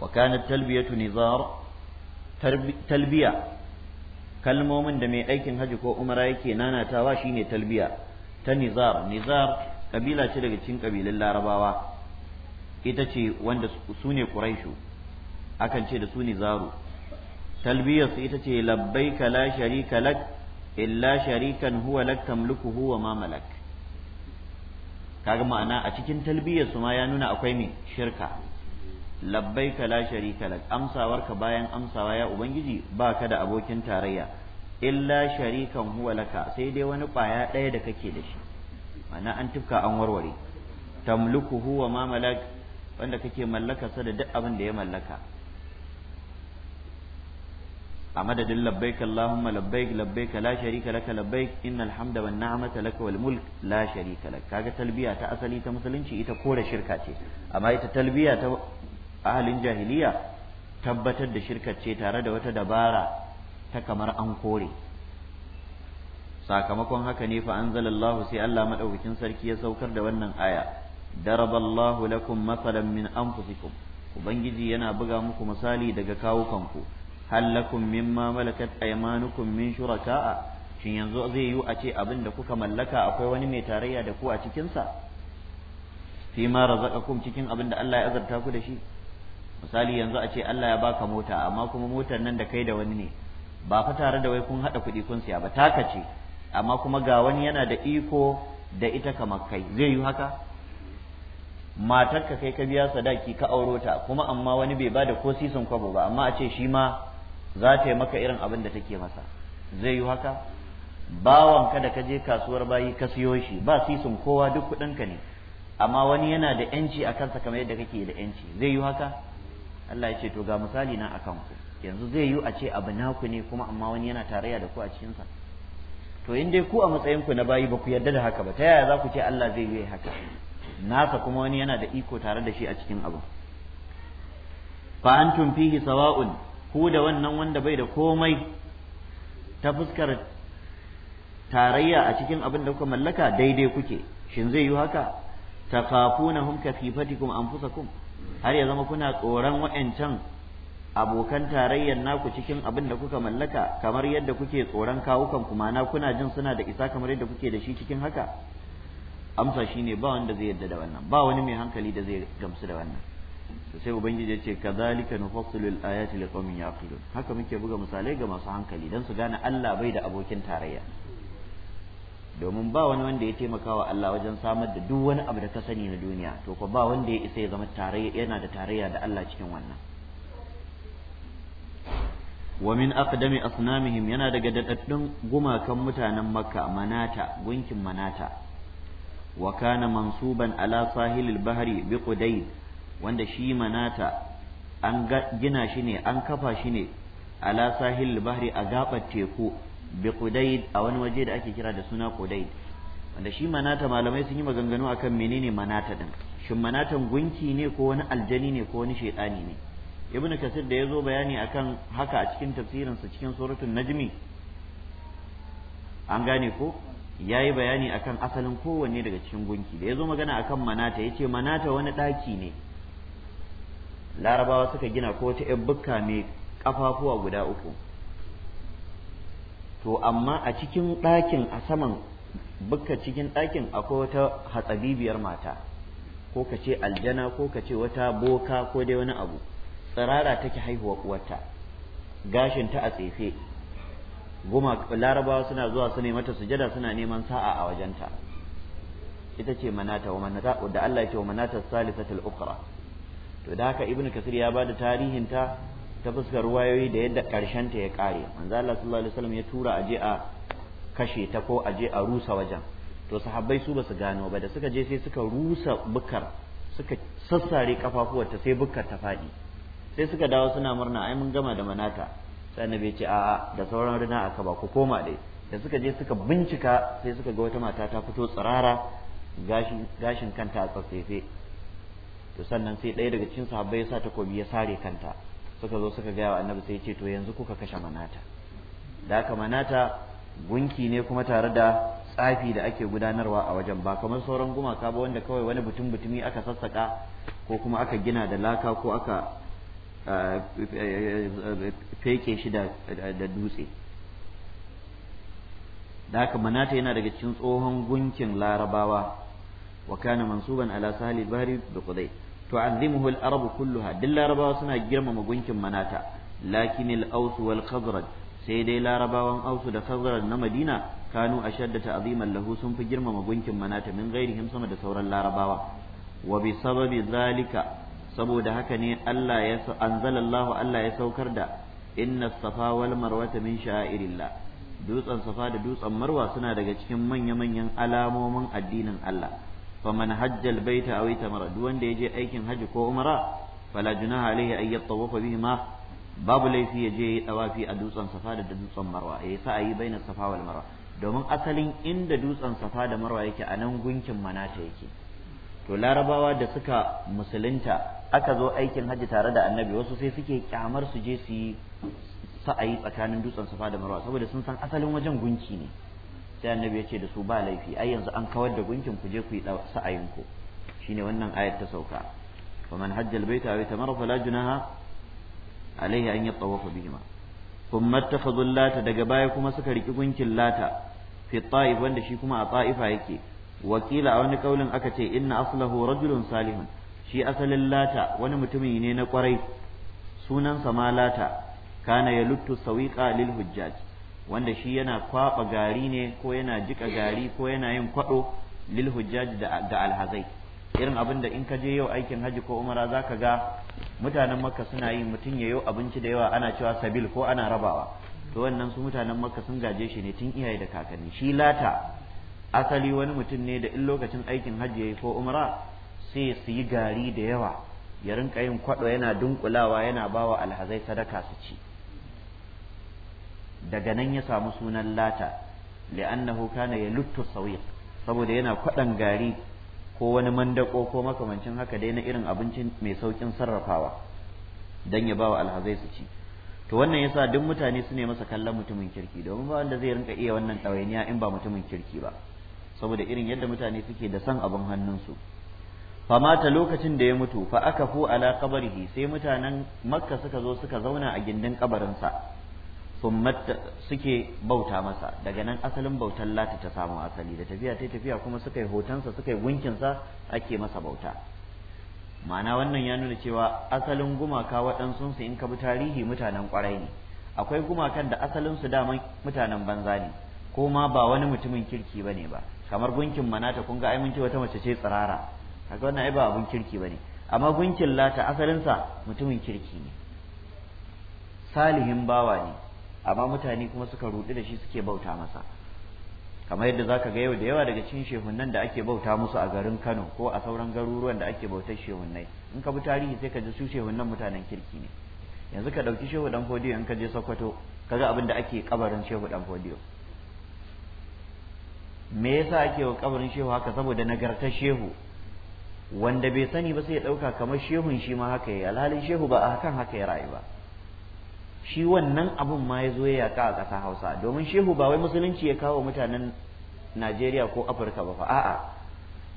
wa kanat talbiyatu nizar talbiya kalmomin da mai aikin haji ko umara yake nanatawa shine talbiya ta nizar nizar kabila ce daga cikin kabilan larabawa ita ce wanda su ne quraishu akan ce da su ne zaro talbiyarsu ita ce labbai la sharika lak illa sharikan huwa lak tamlikuhu huwa ma malak kaga ma'ana a cikin talbiyarsu ma ya nuna akwai mai shirka Labbai la sharika lak amsawarka bayan amsawa ya ubangiji baka da abokin tarayya illa sharikan huwa laka sai dai wani kwaya ɗaya da kake da shi ma'ana an tufka an warware tamluku huwa ma malak wanda kake mallaka sa da duk abin da ya mallaka a madadin labbaik Allahumma labbaik labbaik la sharika laka labbaik innal hamda wan ni'mata laka wal mulk la sharika lak kaga talbiya ta asali ta musulunci ita kore shirka ce amma ita talbiya ta ahalin jahiliya tabbatar da shirka ce tare da wata dabara ta kamar an kore sakamakon haka ne fa anzalallahu sai Allah madaukakin sarki ya saukar da wannan aya daraballahu lakum masalan min anfusikum ubangiji yana buga muku misali daga kawukanku hal lakum mimma malakat aymanukum min shuraka'a shin yanzu zai yiwu a ce abin kuka mallaka akwai wani mai tarayya da ku a cikinsa fi ma razaqakum cikin abin da Allah ya azarta ku da shi misali yanzu a ce Allah ya baka mota amma kuma motar nan da kai da wani ne ba fa tare da wai kun hada kuɗi kun siya ba taka ce amma kuma ga wani yana da iko da ita kamar kai zai yi haka matarka kai ka biya sadaki ka auro ta kuma amma wani bai bada ko sisin kwabo ba amma a ce shi ma za ta yi maka irin abin da take masa zai yi haka bawanka da ka je kasuwar bayi ka siyo shi ba sisin kowa duk kuɗinka ne amma wani yana da yanci a kansa kamar yadda kake da yanci zai yi haka Allah ya ce to ga misali na akan ku yanzu zai yi a ce abu naku ne kuma amma wani yana tarayya da ku a cikinsa to in dai ku a matsayinku na bayi ba ku yarda da haka ba ta yaya za ku ce Allah zai yi haka nasa kuma wani yana da iko tare da shi a cikin abu fa antum fihi sawa'un ku da wannan wanda bai da komai ta fuskar tarayya a cikin abin da kuka mallaka daidai kuke shin zai yi haka takafunahum kafifatikum anfusakum har ya zama kuna tsoron wa'ancan abokan tarayyar naku cikin abin da kuka mallaka kamar yadda kuke tsoron kawukan kuma na kuna jin suna da isa kamar yadda kuke da shi cikin haka amsa shi ne, ba wanda zai yadda da wannan ba wani mai hankali da zai gamsu da wannan sai ubangiji ya ce zalika nufassilu al-ayati liqaumin yaqilun haka muke buga misalai ga masu hankali dan su gane Allah bai da abokin tarayya domin ba wani wanda ya taimakawa Allah wajen samar da duk wani abu da ka sani na duniya to ko ba wanda ya isa ya zama tarayya yana da tarayya da Allah cikin wannan wa min aqdami asnamihim yana daga dadaddun gumakan mutanen makka manata gunkin manata Wakana, mansuban ala sahilil bahri bi wanda shi manata an gina shi ne an kafa shi ne ala sahilil bahri a gabar teku bi a wani waje da ake kira da suna qudayd wanda shi manata malamai sun yi maganganu akan menene manata din shin manatan gunki ne ko wani aljani ne ko wani shaidani ne ibnu kasir da ya zo bayani akan haka a cikin tafsirinsa cikin suratun najmi an gane ko ya yi bayani akan asalin kowanne daga cikin gunki da ya zo magana akan manata ya ce manata wani ɗaki ne larabawa suka gina ko ta bukka mai ƙafafuwa guda uku to amma a cikin ɗakin a saman bukka cikin ɗakin akwai wata hatsabibiyar mata ko ka ce aljana ko ka ce wata boka ko dai wani abu tsirara take haihuwa uwarta gashin ta a tsefe guma larabawa suna zuwa su mata sujada suna neman sa'a a wajenta ita ce manata wa manata da Allah ce wa manata salisatul ukhra to da haka ibnu kasir ya bada tarihin ta ta fuskar wayoyi da yadda karshen ta ya kare manzo Allah sallallahu alaihi wasallam ya tura aje a kashe ta ko aje a rusa wajen to sahabbai su basu gano ba da suka je sai suka rusa bukar suka sassare kafafuwarta sai bukar ta faɗi sai suka dawo suna murna ai mun gama da manata sai annabi ya ce a'a da sauran rina aka ba ku koma dai da suka je suka bincika sai suka ga wata mata ta fito tsirara gashin kanta a tsafefe to sannan sai ɗaya daga cikin sahabbai ya sa takobi ya sare kanta suka zo suka gaya wa annabi sai ya ce to yanzu kuka kashe manata da aka manata gunki ne kuma tare da tsafi da ake gudanarwa a wajen ba kamar sauran gumaka ba wanda kawai wani butun butumi aka sassaka ko kuma aka gina da laka ko aka feke shi da dutse da haka manata yana daga cikin tsohon gunkin larabawa wa kana mansuban ala sahli bari da qudai tu'azzimuhu al-arabu kulluha duk larabawa suna girmama gunkin manata lakin al-aus wal khazraj sai dai larabawan ausu da khazraj na madina kanu ashadda ta'ziman lahu sun fi girmama gunkin manata min ghairihim sama da sauran larabawa wa bi sababi zalika saboda haka ne Allah ya anzalallahu Allah ya saukar da inna safa wal marwata min sha'irillah dutsen safa da dutsen marwa suna daga cikin manya-manyan alamomin addinin Allah faman hajjal baita aw itamara duk wanda ya je aikin haji ko umara fala junaha alaihi ay yatawafa bihima babu laifi ya je yi tawafi a dutsen safa da dutsen marwa ya sa ayi baina safa wal marwa domin asalin inda dutsen safa da marwa yake a nan gunkin manata yake to larabawa da suka musulunta aka zo aikin hajji tare da annabi wasu sai suke kyamar su je su yi sa'ayi tsakanin dutsen safa da marwa saboda sun san asalin wajen gunki ne sai annabi ya ce da su ba laifi ai yanzu an kawar da gunkin ku je ku yi sa'ayin ku shine wannan ayat ta sauka wa man hajja albayta aw itamara fala junaha alayhi an yatawafa bihima thumma ittakhadhu daga baya kuma suka riki gunkin lata fi ta'if wanda shi kuma a ta'ifa yake wakila a wani kaulin aka ce inna aslahu rajulun salihun shi asalin lata wani mutumi ne na kwarai sunansa ma lata kana ya luttu sawiqa lil hujjaj wanda shi yana kwaba gari ne ko yana jika gari ko yana yin kwado lil hujjaj da alhazai irin abinda in ka je yau aikin haji ko umara zaka ga mutanen makka suna yi mutum ya yi abinci da yawa ana cewa sabil ko ana rabawa to wannan su mutanen makka sun gaje shi ne tun iyaye da kakanni shi lata asali wani mutum ne da in lokacin aikin hajji yayi ko umra sai su yi gari da yawa ya rinka yin kwaɗo yana dunkulawa yana ba wa alhazai sadaka su ci daga nan ya samu sunan lata li'annahu kana ya luttu sawiq saboda yana kwaɗan gari ko wani mandako ko makamancin haka dai na irin abincin mai saukin sarrafawa dan ya ba wa alhazai su ci to wannan yasa duk mutane su ne masa kallon mutumin kirki domin ba wanda zai rinka iya wannan ɗawainiya in ba mutumin kirki ba saboda irin yadda mutane suke da san abin hannunsu fa mata lokacin da ya mutu fa aka fu ala kabarihi sai mutanen makka suka zo suka zauna a gindin kabarinsa suke bauta masa daga nan asalin bautar lati ta samu asali da tafiya ta tafiya kuma suka yi hotonsa suka yi gunkinsa ake masa bauta ma'ana wannan ya nuna cewa asalin gumaka waɗansu in ka bi tarihi mutanen ƙwarai ne akwai gumakan da asalin su daman mutanen banza ne ko ma ba wani mutumin kirki ba ne ba kamar gunkin manata kun ga ai mun ce wata mace ce tsirara kaga wannan ai ba abun kirki bane amma gunkin lata asalinsa mutumin kirki ne salihin bawa ne amma mutane kuma suka rudu da shi suke bauta masa kamar yadda zaka ga yau da yawa daga cikin shehunan da ake bauta musu a garin Kano ko a sauran garuruwan da ake bautar shehunnai in ka bi tarihi sai ka ji su shehunan mutanen kirki ne yanzu ka ɗauki shehu dan fodiyo in ka je Sokoto kaga abin da ake kabarin shehu dan fodiyo me yasa ake wa kabarin shehu haka saboda nagartar shehu wanda bai sani ba sai ya ɗauka kamar shehun shi ma haka yi alhalin shehu ba a hakan haka ya rayu ba shi wannan abun ma ya zo ya yaƙa a ƙasa hausa domin shehu ba wai musulunci ya kawo mutanen najeriya ko afirka ba fa a'a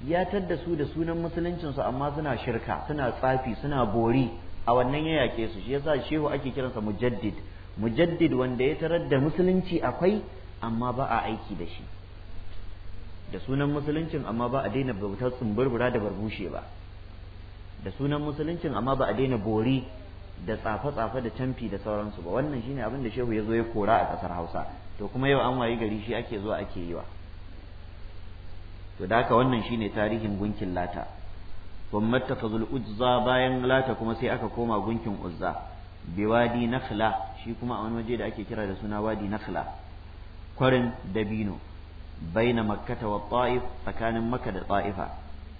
ya tadda su da sunan musuluncinsu amma suna shirka suna tsafi suna bori a wannan ya yake su shi yasa shehu ake kiransa mujaddid mujaddid wanda ya tarar da musulunci akwai amma ba a aiki da shi da sunan musuluncin amma ba a daina bautar tsumburbura da barbushe ba da sunan musuluncin amma ba a daina bori da tsafe-tsafe da canfi da sauransu ba wannan shine abin da shehu ya zo ya kora a ƙasar hausa to kuma yau an wayi gari shi ake zuwa ake yi wa to daka wannan shine tarihin gunkin lata kuma tafazul uzza bayan lata kuma sai aka koma gunkin uzza biwadi nakhla shi kuma a wani waje da ake kira da suna wadi nakhla kwarin dabino baina makkata wa ta'if tsakanin makka da ta'ifa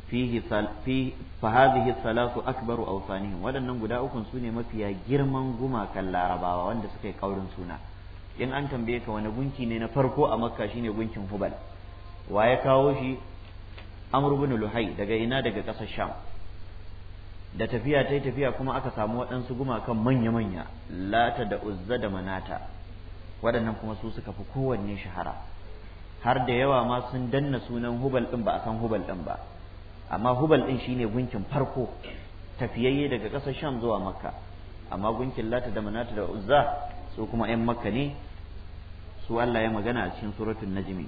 fihi fi fa hadhihi salatu akbaru awsanihim waɗannan guda ukun sune mafiya girman gumakan larabawa wanda suka yi kaurin suna in an tambaye ka wani gunki ne na farko a makka ne gunkin hubal wa ya kawo shi amr luhai daga ina daga kasar sham da tafiya ta tafiya kuma aka samu waɗansu gumakan manya-manya lata da uzza da manata waɗannan kuma su suka fi kowanne shahara har da yawa ma sun danna sunan hubal din ba a san hubal din ba amma hubal din shine gunkin farko tafiyayye daga ƙasar sham zuwa makka amma gunkin lata da manata da uzza su kuma 'yan makka ne su Allah ya magana a cikin suratul najmi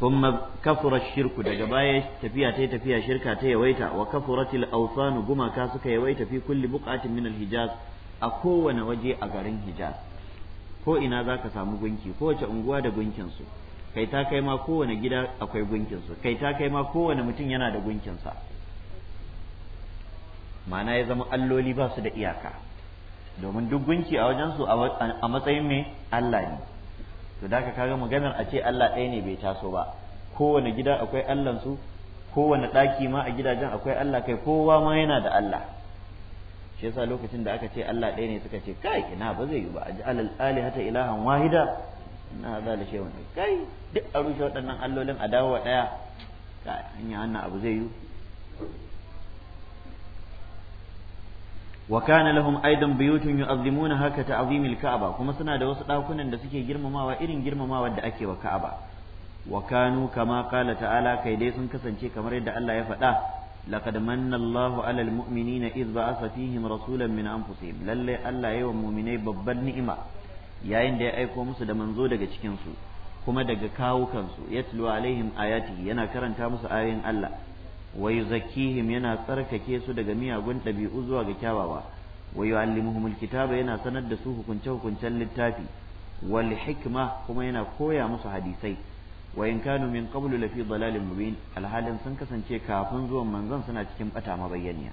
kuma kafura shirku daga baya tafiya ta tafiya shirka ta yawaita wa kafuratil awsan gumaka suka yawaita fi kulli buqatin min al a kowane waje a garin hijaz ko ina za ka samu gunki kowace unguwa da gunkinsu kai ta kai ma kowane gida akwai gunkinsu kai ta kai ma kowane mutum yana da gunkinsa ma'ana ya zama alloli ba su da iyaka domin duk gunki a wajensu a matsayin mai Allah ne to da ka kaga maganar a ce Allah ɗaya ne bai taso ba kowane gida akwai Allahnsu kowane ɗaki ma a gidajen akwai Allah kai kowa ma yana da Allah shi yasa lokacin da aka ce Allah ɗaya ne suka ce kai ina ba zai yi ba aj'al al hata ilahan wahida inna hadha la shay'un kai duk a rushe waɗannan allolin a dawo wa ɗaya kai hanya wannan abu zai yi wa kana lahum aidan buyutun yu'azzimuna haka ta'zimil ka'aba kuma suna da wasu ɗakunan da suke girmamawa irin girmamawa da ake wa ka'aba wa kanu kama qala ta'ala kai dai sun kasance kamar yadda Allah ya faɗa لقد من الله على المؤمنين إذ بعث فيهم رسولا من أنفسهم للي ألا يوم مؤمني ببال نئمة يا إن دي أيكو مسد منزو دقا چكنسو كما دقا كاو كنسو يتلو عليهم آياته ينا كرن كامس آيين ألا ويزكيهم ينا ترك كيسو دقا ميا قنت بيؤزوا قكاواوا ويعلمهم الكتاب ينا سند سوه كنشو كنشل التافي والحكمة كما ينا كويا مسو حديثي wa in kanu min qablu dalalin mubin alhalin sun kasance kafin zuwan manzon suna cikin bata mabayyaniya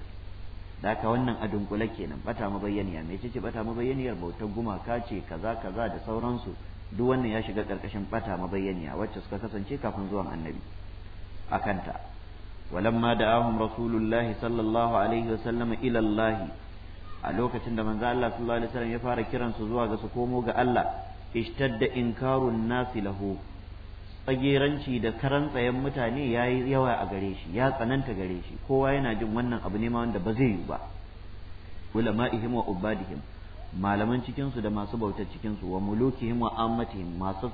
da haka wannan a dunkule kenan bata mabayyaniya me ce bata mabayyaniyar bautar gumaka ce kaza kaza da sauransu duk wannan ya shiga karkashin bata mabayyaniya wacce suka kasance kafin zuwan annabi akanta walamma da'ahum rasulullahi sallallahu alaihi wasallam ila Allah a lokacin da manzo Allah sallallahu alaihi wasallam ya fara kiransu zuwa ga su komo ga Allah ishtadda inkarun na lahu tsageranci da karan tsayen mutane ya yi yawa a gare shi ya tsananta gare shi kowa yana jin wannan abu ne ma wanda ba zai yi ba ihim wa ubadihim malaman cikinsu da masu bautar cikinsu wa mulukihim wa ammatihim masu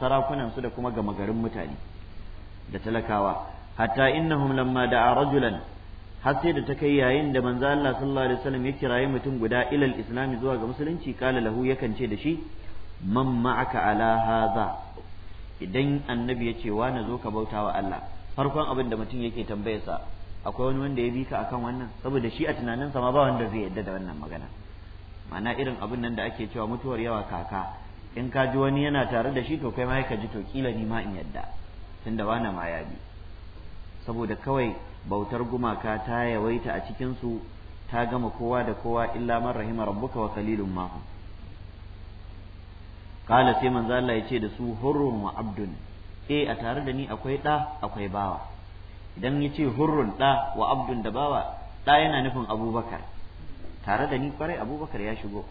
sarakunan su da kuma gama garin mutane da talakawa hatta innahum lamma da'a rajulan har sai da ta kai yayin da manzo Allah sallallahu alaihi wasallam ya kirayi mutum guda ilal islami zuwa ga musulunci kala lahu yakan ce da shi man ma'aka ala hadha idan annabi ya ce wani zo ka bauta wa Allah farkon abin da mutum yake tambayarsa akwai wani wanda ya bi ka akan wannan saboda shi a tunaninsa ma ba wanda zai yadda da wannan magana Mana irin abin nan da ake cewa mutuwar yawa kaka in ka ji wani yana tare da shi to kai ma ka ji to kila ni ma in yadda tunda wani ma ya bi saboda kawai bautar gumaka ta yawaita a cikinsu ta gama kowa da kowa illa man rahima rabbuka wa kalilun mahum kala sai manzo Allah ya ce da su hurrun wa abdun eh a tare da ni akwai ɗa akwai bawa idan ya ce hurrun ɗa wa abdun da bawa ɗa yana nufin abubakar tare da ni kwarai abubakar ya shigo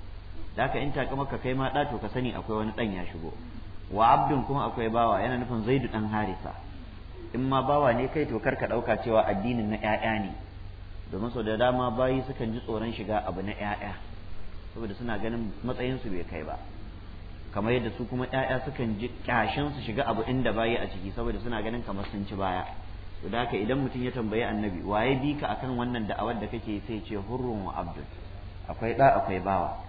da ka in taka maka kai ma ɗa to ka sani akwai wani ɗan ya shigo wa abdun kuma akwai bawa yana nufin zaidu ɗan harisa in ma bawa ne kai to ka ɗauka cewa addinin na ‘ya'ya ne domin sau da dama bayi sukan ji tsoron shiga abu na ‘ya'ya saboda suna ganin matsayinsu bai kai ba kamar yadda su kuma ƴaƴa sukan ji kyashin su shiga abu inda bayi a ciki saboda suna ganin kamar sun ci baya to da haka idan mutum ya tambayi annabi waye bi ka akan wannan da'awar da kake sai ce hurrun wa abdul akwai da akwai bawa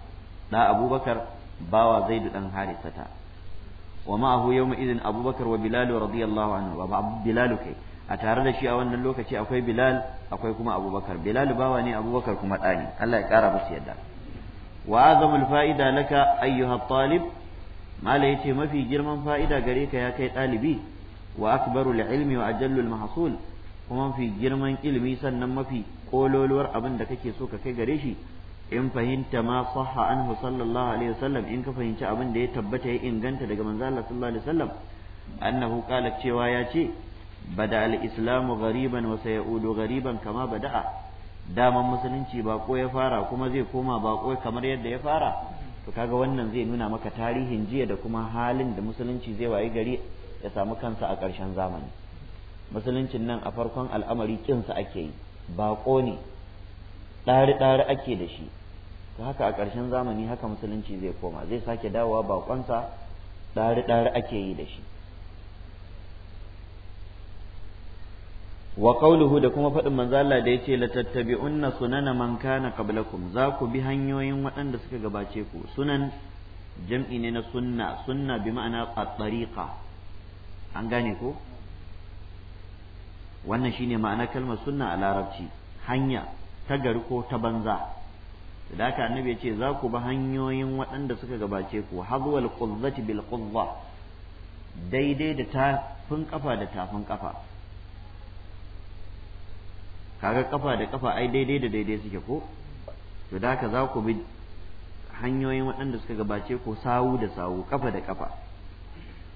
da abubakar bawa zaidu dan harisata wa ma'ahu yawma idin abubakar wa bilal radiyallahu anhu wa bilal kai a tare da shi a wannan lokaci akwai bilal akwai kuma abubakar bilal bawa ne abubakar kuma ɗani Allah ya kara musu yadda wa azamul fa'ida laka ayyuha talib mala ce mafi girman fa'ida gare ka ya kai ɗalibi wa akbarul ilmi wa ajallul mahsul kuma mafi girman ilmi sannan mafi kololuwar abin da kake so ka kai gare shi in fahimta ma sahha anhu sallallahu alaihi wasallam in ka fahimci abin da ya tabbata ya inganta daga manzo Allah sallallahu alaihi wasallam annahu qala cewa ya ce bada al-islamu ghariban wa sayaudu ghariban kama bada'a daman musulunci bako ya fara kuma zai koma bako kamar yadda ya fara to kaga wannan zai nuna maka tarihin jiya da kuma halin da musulunci zai wayi gari ya samu kansa a ƙarshen zamani musuluncin nan a farkon al'amari kinsa ake yi baƙo ne ɗari-ɗari ake da shi to haka a ƙarshen zamani haka musulunci zai koma zai sake dawowa baƙonsa ɗari-ɗari ake yi da shi wa qawluhu da kuma faɗin manzo Allah da yace latattabi'unna sunana man kana qablakum za ku bi hanyoyin waɗanda suka gabace ku sunan jam'i ne na sunna sunna bi ma'ana at-tariqa an gane ko wannan shine ma'ana kalmar sunna a larabci hanya ta gari ko ta banza da haka annabi yace za ku bi hanyoyin waɗanda suka gabace ku hazwal qudzati bil quzza daidai da tafin kafa da tafin kafa kaga kafa da kafa ai daidai da daidai suke ko to da haka za ku bi hanyoyin waɗanda suka gabace ko sawu da sawu kafa da kafa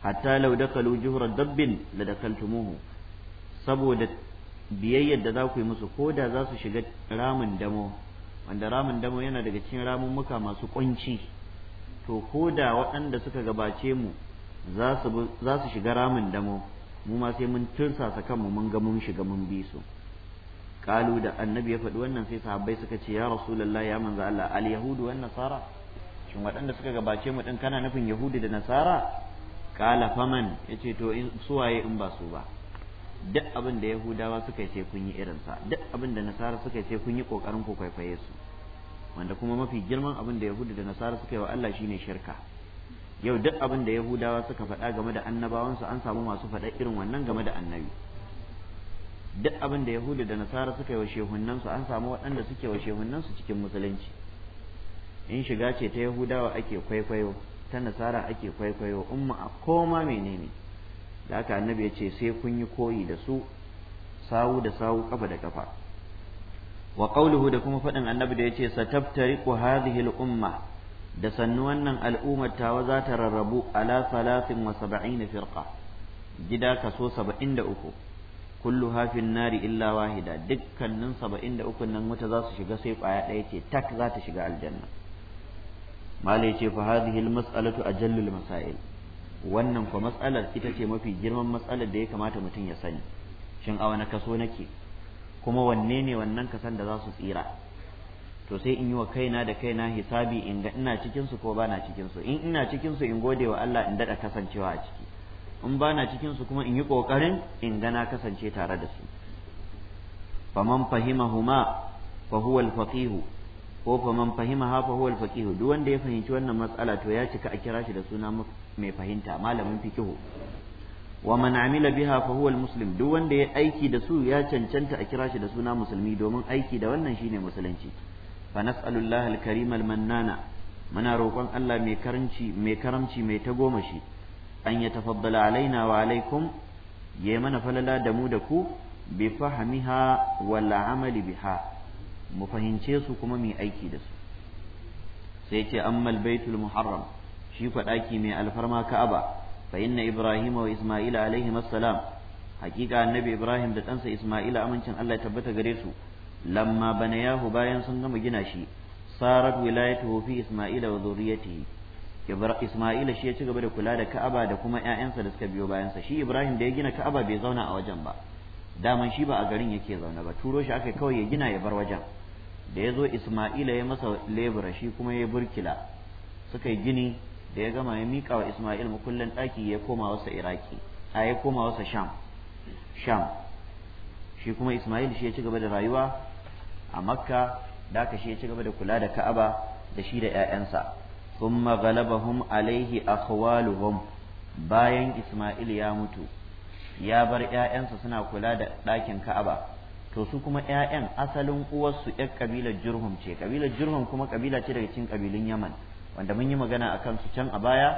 hatta law dakalu juhra dabbin la dakaltumuhu saboda biyayyar da za ku yi musu ko da za su shiga ramin damo wanda ramin damo yana daga cikin muka masu kunci to ko da waɗanda suka gabace mu za su shiga ramin damo mu ma sai mun tursasa kanmu mun ga mun shiga mun bi su kalu da annabi ya faɗi wannan sai sahabbai suka ce ya rasulullahi ya manzo Allah al yahudu wan nasara shin waɗanda suka gabace mu din kana nufin yahudi da nasara kala faman yace to in suwaye in ba su ba duk abin da yahudawa suka ce kun yi irinsa duk abin da nasara suka ce kun yi kokarin ku kwaikwaye su wanda kuma mafi girman abin da yahudu da nasara suka yi wa Allah shine shirka yau duk abin da yahudawa suka faɗa game da annabawansu an samu masu faɗa irin wannan game da annabi duk abin da yahudu da nasara suka yi wa shehunnansu an samu waɗanda suke wa shehunnansu cikin musulunci in shiga ce ta yahudawa ake kwaikwayo ta nasara ake kwaikwayo umma a koma menene da aka annabi ya ce sai kun yi koyi da su sawu da sawu kafa da kafa wa qauluhu da kuma faɗin annabi da yace sataftariqu hadhihi al-umma da sannu wannan al'ummar tawa za ta rarrabu ala 73 firqa gida kaso 73 kullu hafin nari illa wahida dukkanin saba'in da uku nan wuta za su shiga sai kwaya ɗaya ce tak za ta shiga aljanna malai ce fa hadhihi almas'alatu ajallul masail wannan ko matsalar ita ce mafi girman matsalar da ya kamata mutum ya sani shin a wani kaso nake kuma wanne ne wannan kasan da za su tsira to sai in yi wa kaina da kaina hisabi in ga ina cikin su ko ba na cikin su in ina cikin su in gode wa Allah in daɗa kasancewa a ciki in ba na cikin su kuma in yi ƙoƙarin in gana kasance tare da su faman fahimahuma fa huwa al ko faman fahimaha fa huwa al duk wanda ya fahimci wannan matsala to ya cika a kira shi da suna mai fahimta malamin fikihu. wa man amila biha fa muslim duk wanda ya aiki da su ya cancanta a kira shi da suna musulmi domin aiki da wannan shine musulunci fa nas'alullahi al mannana muna roƙon Allah mai karamci mai karamci goma shi. an ya tafaddala alaina wa alaikum ya yi mana falala da mu da ku bi fahamiha wala amali biha mu fahimce su kuma muyi aiki da su sai ce ammal baitul muharram shi kwa ɗaki mai alfarma ka'aba fa inna ibrahima wa isma'ila alaihi assalam hakika annabi ibrahim da ɗansa isma'ila amincin allah tabbata gare su lamma bana yahu bayan sun gama gina shi sarat wilayatuhu fi isma'ila wa zuriyatihi Isma'il shi ya ci gaba da kula da Ka'aba da kuma 'ya'yansa da suka biyo bayansa shi Ibrahim da ya gina Ka'aba bai zauna a wajen ba daman shi ba a garin yake zaune ba turo shi aka kawai ya gina ya bar wajen da ya zo Isma'ila ya masa lebura shi kuma ya burkila suka yi gini da ya gama ya miƙa wa Isma'il mukullan ɗaki ya koma wasa Iraki a ya koma wasa Sham Sham shi kuma Isma'il shi ya ci gaba da rayuwa a Makka da aka shi ya ci gaba da kula da Ka'aba da shi da 'ya'yansa thumma ghalabahum alaihi akhwaluhum bayan Isma'il ya mutu ya bar ‘ya'yansa suna kula da ɗakin Ka'aba to su kuma ‘ya'yan asalin uwarsu ‘yar kabilar Jurhum ce kabilar Jurhum kuma kabila ce daga cikin kabilun Yaman wanda mun yi magana a kansu can a baya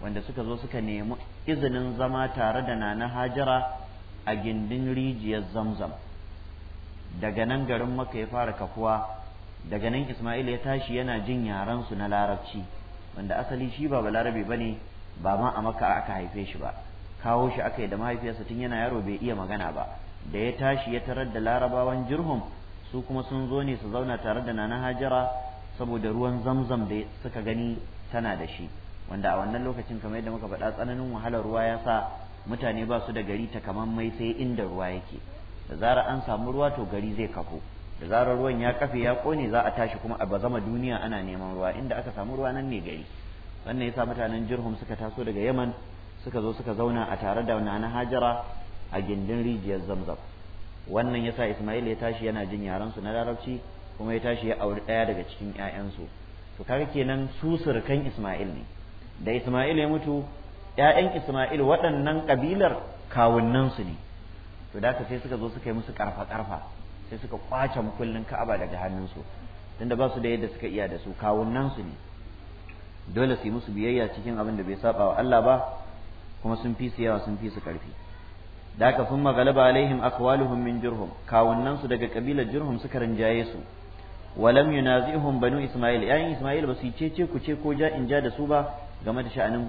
wanda suka zo suka nemi izinin zama tare da Nana Hajara a gindin rijiyar Zamzam daga nan garin Makka ya fara kafuwa daga nan Isma'il ya tashi yana jin yaransu na Larabci wanda asali shi ba balarabe bane ba ma a maka aka haife shi ba kawo shi aka da mahaifiyarsa tun yana yaro bai iya magana ba da ya tashi ya tarar da larabawan jirhum su kuma sun zo ne su zauna tare da nana hajara saboda ruwan zamzam da suka gani tana da shi wanda a wannan lokacin kamar yadda muka faɗa tsananin wahalar ruwa ya sa mutane ba su da gari ta kamar mai sai inda ruwa yake da zara an samu ruwa to gari zai kafo da zarar ruwan ya kafe ya kone za a tashi kuma a bazama duniya ana neman ruwa inda aka samu ruwa nan ne gari wannan yasa mutanen jirhum suka taso daga yaman suka zo suka zauna a tare da nana hajara a gindin rijiyar zamzam wannan yasa ismail ya tashi yana jin yaran su na larabci kuma ya tashi ya auri ɗaya daga cikin ƴaƴansu to kaga kenan su surukan ismail ne da ismail ya mutu ƴaƴan ismail waɗannan kabilar kawunnan ne to da sai suka zo suka yi musu karfa karfa sai suka kwace mukullin ka'aba daga hannunsu tunda ba su da yadda suka iya da su kawunan su ne dole su yi musu biyayya cikin abin da bai saba wa Allah ba kuma sun fi su yawa sun fi su karfi da haka sun magalaba alaihim akwaluhum min jurhum kawunan su daga kabilar jurhum suka rinjaye su walam yunazihum banu isma'il yayin isma'il ba su yi cece ku ce ko ja in ja da su ba game da sha'anin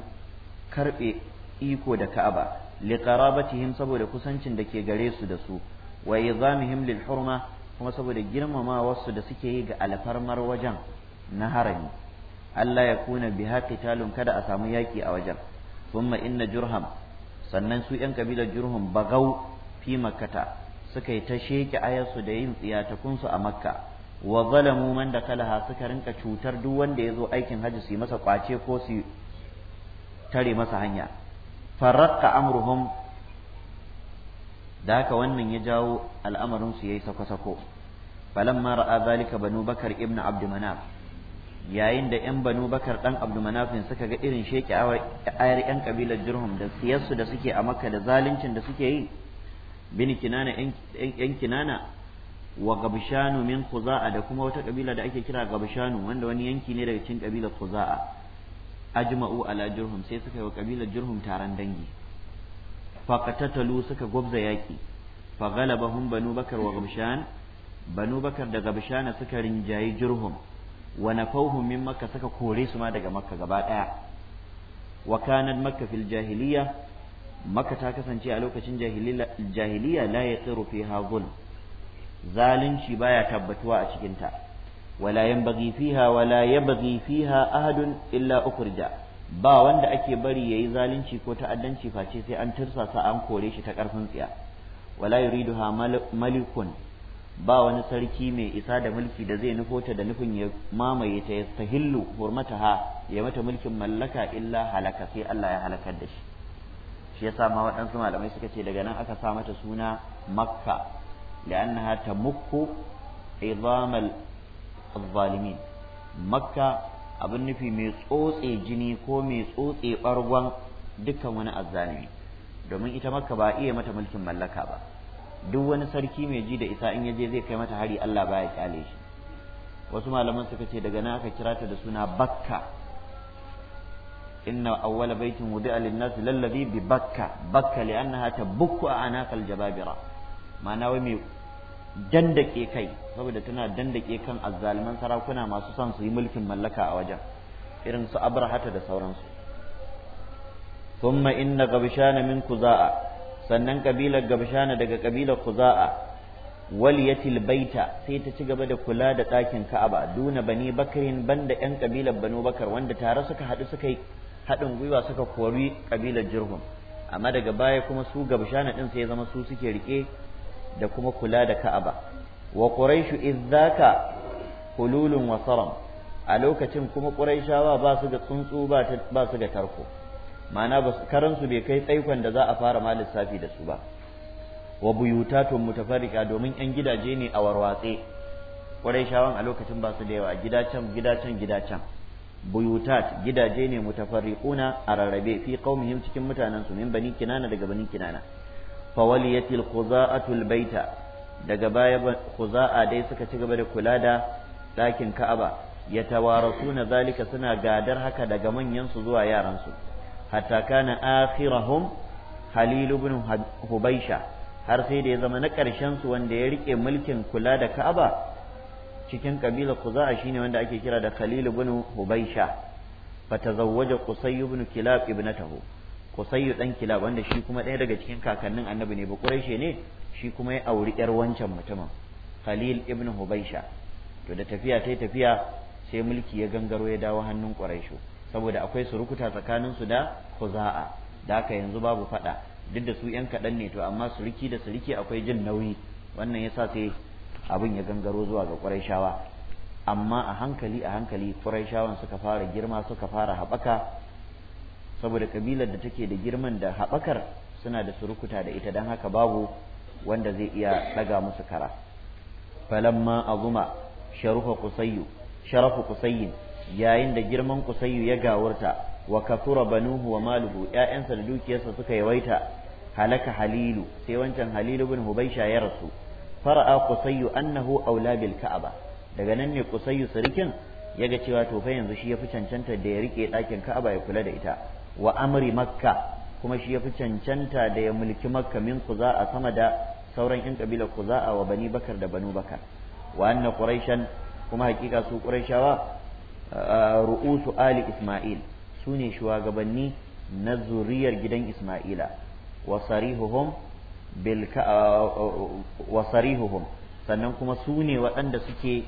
karbe iko da ka'aba liqarabatihim saboda kusancin da ke gare su da su wa izamihim lil hurma kuma saboda girmama wasu da suke yi ga alfarmar wajen na harami Allah ya kuna biha qitalun kada a samu yaki a wajen thumma inna jurham sannan su yan kabilar jurhum bagau fi makkata suka yi ta sheke ayarsu da yin tsiyatakunsu a makka wa zalamu man da kalaha suka rinka cutar duk wanda ya zo aikin hajji su yi masa kwace ko su tare masa hanya farraqa amruhum da haka wannan ya jawo al'amarin su yayi sako-sako falamma mara zalika banu bakar ibnu abd yayin da yan banu bakar dan abd suka ga irin sheki ayar yan kabilar jurhum da siyarsu da suke a makka da zaluncin da suke yi bin kinana yan kinana wa gabshanu min kuza'a da kuma wata ƙabila da ake kira gabshanu wanda wani yanki ne daga cikin kabilar kuza'a ajma'u ala jirhum sai suka yi wa kabilar jirhum taron dangi faqatatalu suka gwabza yaki fa ghalabahum banu bakar wa gamshan banu bakar da gamshana suka rinjayi jurhum wa nafawhum min makka suka kore su ma daga makka gaba daya wa kanat makka fil jahiliya makka ta kasance a lokacin jahiliya la yaqiru fiha zulm zalunci baya tabbatuwa a cikinta wala yanbaghi fiha wala yabghi fiha ahadun illa ukhrija ba wanda ake bari ya yi zalunci ko ta'addanci face sai an tirsasa an kore shi ta ƙarfin tsiya wala ha malikun ba wani sarki mai isa da mulki da zai nufo ta da nufin ya mamaye ta yastahillu ha ya mata mulkin mallaka illa halaka sai Allah ya halakar da shi shi yasa ma waɗansu malamai suka ce daga nan aka sa mata suna makka لأنها تمك عظام zalimin Makka. abin nufi mai tsotse jini ko mai tsotse ɓargon dukkan wani azzalimi domin ita makka ba iya mata mulkin mallaka ba duk wani sarki mai ji da isa in ya je zai kai mata hari Allah baya kyale shi wasu malaman suka ce daga na aka kira ta da suna bakka inna awwala baitin wudi'a lin-nas lallazi bi bakka bakka li'annaha tabukku a anaqal jababira ma'ana wai mai dandake kai saboda tana dandake kan azzaliman sarakuna masu son su yi mulkin mallaka a wajen irin su abrahata da sauransu thumma inna gabshana min kuza'a sannan kabilar gabshana daga kabilar kuza'a waliyatil baita sai ta ci gaba da kula da ɗakin ka'aba duna bani bakarin banda yan kabilar banu bakar wanda tare suka haɗu suka yi haɗin gwiwa suka kori kabilar jirhum amma daga baya kuma su gabshana ɗin sai ya zama su suke riƙe. da kuma kula da Ka'aba wa quraishu idzaka hululun wa saram a lokacin kuma quraishawa ba su da tsuntsu ba su da tarko ma'ana karan su bai kai tsaikon da za a fara ma lissafi da su ba wa buyutatun mutafarrika domin yan gidaje ne a warwatse quraishawan a lokacin ba su da yawa can gidacen can buyutat gidaje ne mutafarriquna a rarrabe fi qaumihim cikin mutanen su min bani kinana daga bani kinana fawaliyatil khuza'atul baita daga baya khuza'a dai suka ci gaba da kula da ɗakin ka'aba ya tawarasu na zalika suna gadar haka daga manyansu zuwa yaransu hatta kana akhirahum halil ibn hubaisha har sai da ya zama na ƙarshen su wanda ya rike mulkin kula da ka'aba cikin kabila kuza'a shine wanda ake kira da khalil ibn hubaisha fatazawwaja qusay ibn kilab ibnatahu kusayyu dan kilab wanda shi kuma ɗaya daga cikin kakannin annabi ne ba quraishe ne shi kuma ya auri ƴar wancan mutumin khalil ibn hubaisha to da tafiya yi tafiya sai mulki ya gangaro ya dawo hannun quraishu saboda akwai surukuta tsakanin su da kuzaa da haka yanzu babu faɗa duk da su ƴan kaɗan ne to amma suruki da suruki akwai jin nauyi wannan yasa sai abin ya gangaro zuwa ga ƙuraishawa amma a hankali a hankali quraishawan suka fara girma suka fara haɓaka saboda kabilar da take da girman da haɓakar suna da surukuta da ita don haka babu wanda zai iya ɗaga musu kara falamma azuma sharufa kusayyu sharafu kusayyin yayin da girman kusayyu ya gawurta wa kafura banuhu wa maluhu ƴaƴansa da dukiyarsa suka yawaita halaka halilu sai wancan halilu bin hubaisha ya rasu fara'a kusayyu annahu aula bil ka'aba daga nan ne kusayyu ya yaga cewa to fa yanzu shi yafi cancanta da ya rike ɗakin ka'aba ya kula da ita wa amri makka kuma shi ya fi cancanta da ya mulki makka min a sama da sauran yan kabilar a wa bani bakar da banu bakar wa anna quraishan kuma hakika su quraishawa ru'usu ali isma'il su ne shugabanni na zuriyar gidan isma'ila wa sarihuhum bil wa sannan kuma su ne waɗanda suke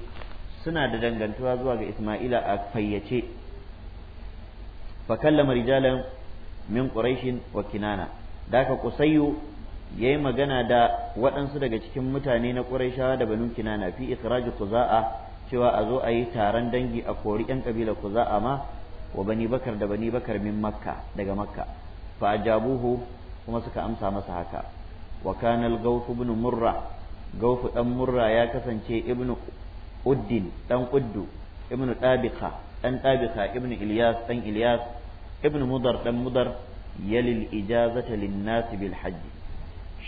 suna da dangantuwa zuwa ga isma'ila a fayyace fa kallama rijalan min quraishin wa kinana da ka kusayyu magana da waɗansu daga cikin mutane na quraishawa da banu kinana fi ikhraj quza'a cewa a zo a yi taron dangi a kori yan kabila quza'a ma wa bani bakar da bani bakar min makka daga makka fa ajabuhu kuma suka amsa masa haka wa kana al-gawf ibn murra gawf dan murra ya kasance ibnu uddin dan uddu ibnu dabiqa dan dabiqa ibnu ilyas dan ilyas ibn mudar dan mudar yalil ijazata linnas bil hajj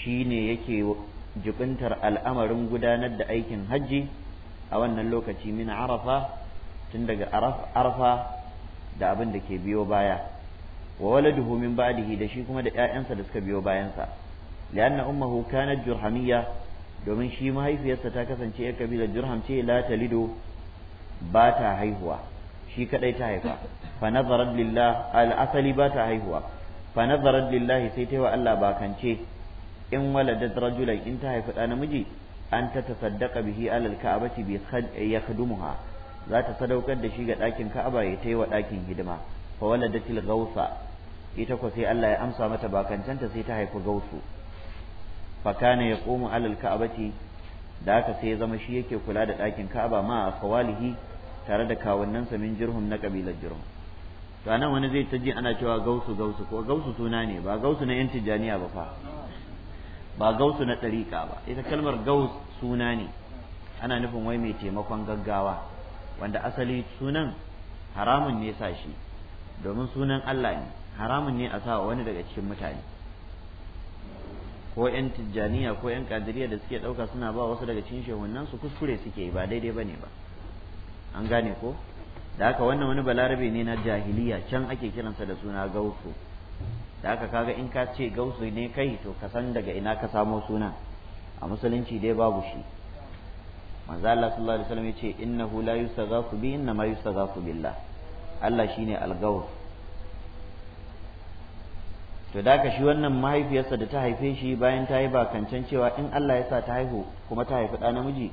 shine yake jibintar al'amarin gudanar da aikin hajji a wannan lokaci min arafa tun daga arafa da abin da ke biyo baya wa waladuhu min ba'dihi da shi kuma da ƴaƴansa da suka biyo bayansa li'anna ummuhu kanat jurhamiyya domin shi mahaifiyarsa ta kasance ya kabila jurham ce la talido ba ta haihuwa shi kadai ta haifa fa nazarat lillah al asali ba ta haihuwa fa nazarat lillah sai ta yi wa Allah bakance in waladat rajulan in ta haifi da namiji an ta tasaddaqa bihi alal ka'abati bi yakhdumuha za ta sadaukar da shi ga ɗakin ka'aba ya ta wa ɗakin hidima fa waladatil gausa ita ko sai Allah ya amsa mata bakancanta sai ta haifi gausu fa kana yaqumu alal ka'abati da haka sai ya zama shi yake kula da ɗakin ka'aba ma a kawalihi tare da kawunnansa min jirhum na kabilar jirhum to anan wani zai ta ji ana cewa gausu gausu ko gausu suna ne ba gausu na yan tijaniya ba fa ba gausu na tsarika ba ita kalmar gaus suna ne ana nufin wai mai taimakon gaggawa wanda asali sunan haramun ne sa shi domin sunan Allah ne haramun ne a sa wani daga cikin mutane ko 'yan tijjaniya ko 'yan kadiriya da suke ɗauka suna ba wasu daga cikin shehunan su kuskure suke ba daidai ba ba an gane ko da haka wannan wani balarabe ne na jahiliya can ake kiransa da suna gausu da haka kaga in ka ce gausu ne kai to ka san daga ina ka samo suna a musulunci dai babu shi manzo Allah sallallahu alaihi wasallam yace innahu la yusagafu bi inna ma yusagafu billah Allah shine al to da ka shi wannan mahaifiyarsa da ta haife shi bayan ta yi bakancan cewa in Allah ya sa ta haihu kuma ta haifi ɗa namiji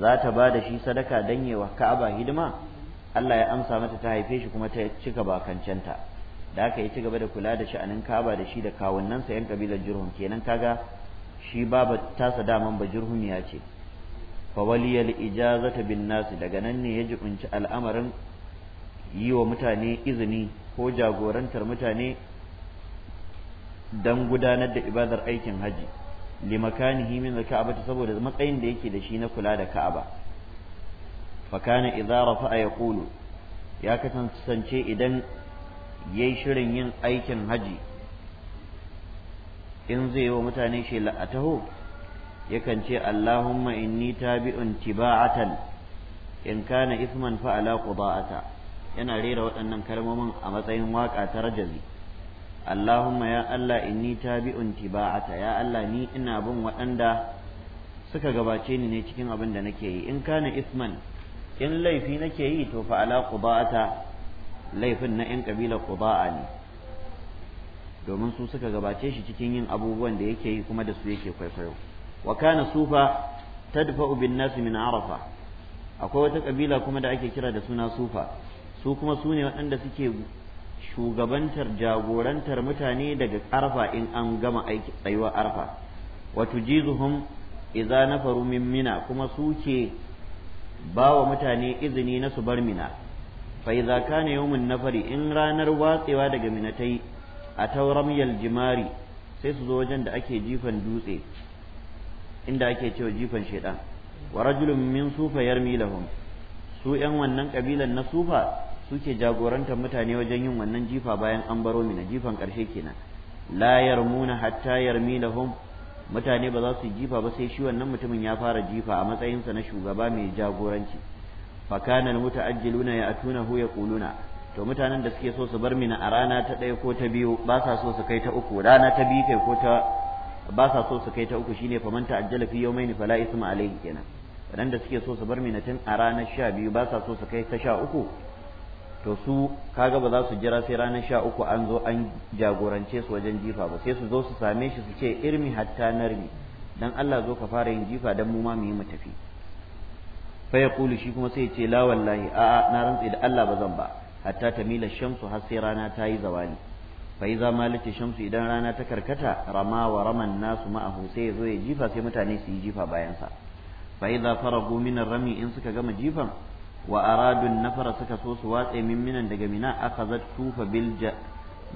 za ta ba da shi sadaka don yi wa ka'aba hidima Allah ya amsa mata ta haife shi kuma ta cika bakancenta da aka yi ci gaba da kula da sha'anin ka'aba da shi da kawunnansa yan kabilar jirhun kenan kaga shi ba tasa daman ba jirhun ya ce fa waliyal ijazata bin nasi daga nan ne ya jibinci al'amarin yi wa mutane izini ko jagorantar mutane don gudanar da ibadar aikin haji li makanihi min al-ka'bati saboda matsayin da yake da shi na kula da ka'aba fakana kana idza rafa'a yaqulu ya kasance idan yayi shirin yin aikin hajji in zai yi wa mutane shi a taho yakan ce Allahumma inni tabi'un tiba'atan in kana isman fa ala quda'ata yana rera waɗannan kalmomin a matsayin waka ta rajazi Allahumma ya Allah inni tabi'un tiba'ata ya Allah ni ina bin waɗanda suka gabace ni ne cikin abin da nake yi in kana isman in laifi nake yi to fa ala quda'ata laifin na yan kabilar quda'a ne domin su suka gabace shi cikin yin abubuwan da yake yi kuma da su yake kwaikwayo wa kana sufa tadfa'u bin nas min arafa akwai wata kabila kuma da ake kira da suna sufa su kuma su ne waɗanda suke shugabantar jagorantar mutane daga arfa in an gama aiki tsayuwa arfa wato iza idza nafaru min mina kuma su ke ba wa mutane izini na su bar mina fa idza kana yawmun nafari in ranar watsewa daga minatai a tauramiyal jimari sai su zo wajen da ake jifan dutse inda ake cewa jifan shedan wa rajulun min sufa yarmi lahum su yan wannan kabilan na sufa suke jagorantar mutane wajen yin wannan jifa bayan an baro mina jifan ƙarshe kenan la yarmuna hatta yarmilahum mutane ba za su jifa ba sai shi wannan mutumin ya fara jifa a matsayin sa na shugaba mai jagoranci fa kana almutaajjiluna ya yaquluna to mutanen da suke so su bar mina a rana ta ɗaya ko ta biyu ba sa so su kai ta uku rana ta biyu kai ko ta ba sa so su kai ta uku shine faman ta'ajjala fi yawmayn fala isma alayhi kenan waɗanda suke so su bar mina tun a ranar sha biyu ba sa so su kai ta sha uku to su kaga ba za su jira sai ranar sha uku an zo an jagorance su wajen jifa ba sai su zo su same shi su ce irmi hatta narmi dan Allah zo ka fara yin jifa dan mu ma mu yi mu tafi fa Kulu shi kuma sai ya ce la wallahi a a na rantsi da Allah ba zan ba hatta tamila shamsu har sai rana ta yi zawali fa iza malati shamsu idan rana ta karkata rama wa raman nasu ma'ahu sai ya zo ya jifa sai mutane su yi jifa bayan sa fa iza faragu min rami in suka gama jifan wa aradun nafara suka so su watse min daga mina aka sufa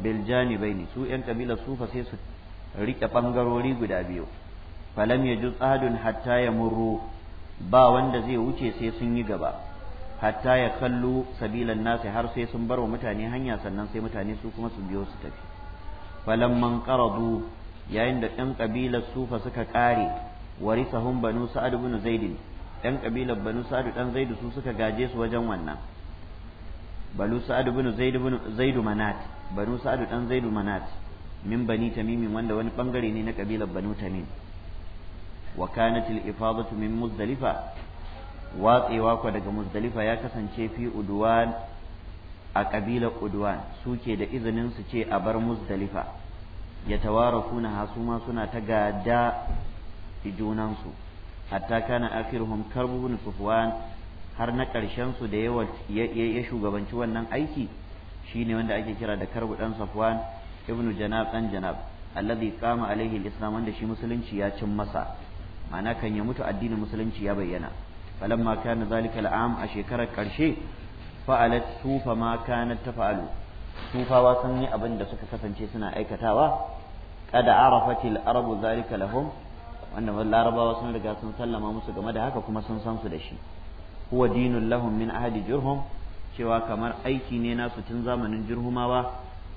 biljani bai ne su yan kabilar sufa sai su riƙe ɓangarori guda biyu falam ya tsadun hatta murru ba wanda zai wuce sai sun yi gaba hatta ya kallu sabilan nasi har sai sun bar wa mutane hanya sannan sai mutane su kuma su biyo su tafi man qaradu yayin da ɗan kabilar sufa suka ƙare warisahum banu sa'ad ibn zaidin yan ƙabilar banu sa'adu ɗan zaidu su suka gaje su wajen wannan banu sa'adu bin zaidu bin zaidu manat banu sa'adu ɗan zaidu manat min bani tamim wanda wani bangare ne na ƙabilar banu tamim wa kanat al-ifadatu min muzdalifa watsewa ku daga muzdalifa ya kasance fi udwan a ƙabilar udwan suke da izinin su ce a bar muzdalifa ya tawara kuna hasuma suna ta gada junansu hatta kana akhiruhum karbu ibn sufwan har na karshen su da yawa ya shugabanci wannan aiki shine wanda ake kira da karbu dan safwan ibn janab dan janab alladhi qama alaihi al-islam wanda shi musulunci ya cin masa ma'ana kan ya mutu addinin musulunci ya bayyana falamma kana zalika al'am a shekarar karshe fa'alat sufa ma kanat tafa'alu sufawa sun yi abin da suka kasance suna aikatawa qad arafatil arabu zalika lahum wanda larabawa sun riga sun sallama musu game da haka kuma sun san su da shi huwa dinul lahum min ahadi jurhum cewa kamar aiki ne nasu tun zamanin jurhumawa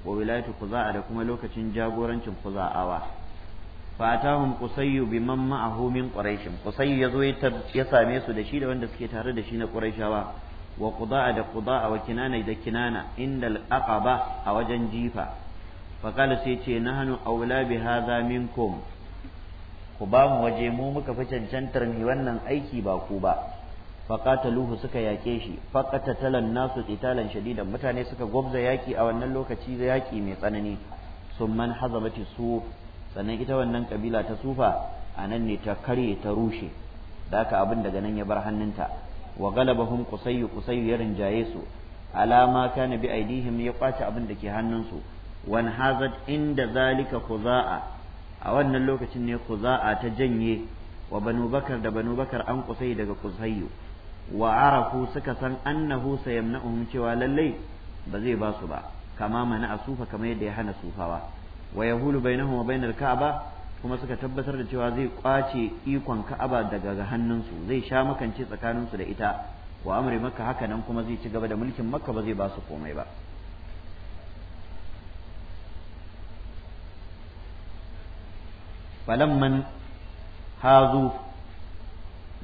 wa wilayatu kuza'a da kuma lokacin jagorancin kuza'awa fatahum qusayyu biman ma'ahu min quraish qusayyu yazo ya same su da shi da wanda suke tare da shi na quraishawa wa quda'a da quda'a wa kinana da kinana indal aqaba a wajen jifa faqala sai ce nahnu aula bi hadha minkum ku ba mu waje mu muka fi cancantar ni wannan aiki ba ku ba luhu suka yake shi talan nasu italan shadidan mutane suka gwabza yaki a wannan lokaci da yaki mai tsanani haza mace su sannan ita wannan kabila ta sufa nan ne ta karye ta rushe da haka abin daga nan ya bar hannunta wa galabahum kusayyu kusayyu ya rinjaye su alama kana bi aidihim ya kwace abin da ke hannunsu wan hazat inda zalika khuza'a a wannan lokacin ne kuzaa ta janye wa banu bakar da banu bakar an kusai daga kusayyu wa arafu suka san annahu sayamna'uhum cewa lallai ba zai ba su ba kama mana a sufa kamar yadda ya hana sufawa wa yahulu bainahum wa bainal ka'aba kuma suka tabbatar da cewa zai kwace ikon ka'aba daga hannunsu zai sha makance tsakaninsu da ita wa amri makka haka nan kuma zai ci gaba da mulkin makka ba zai ba su komai ba falamman hazu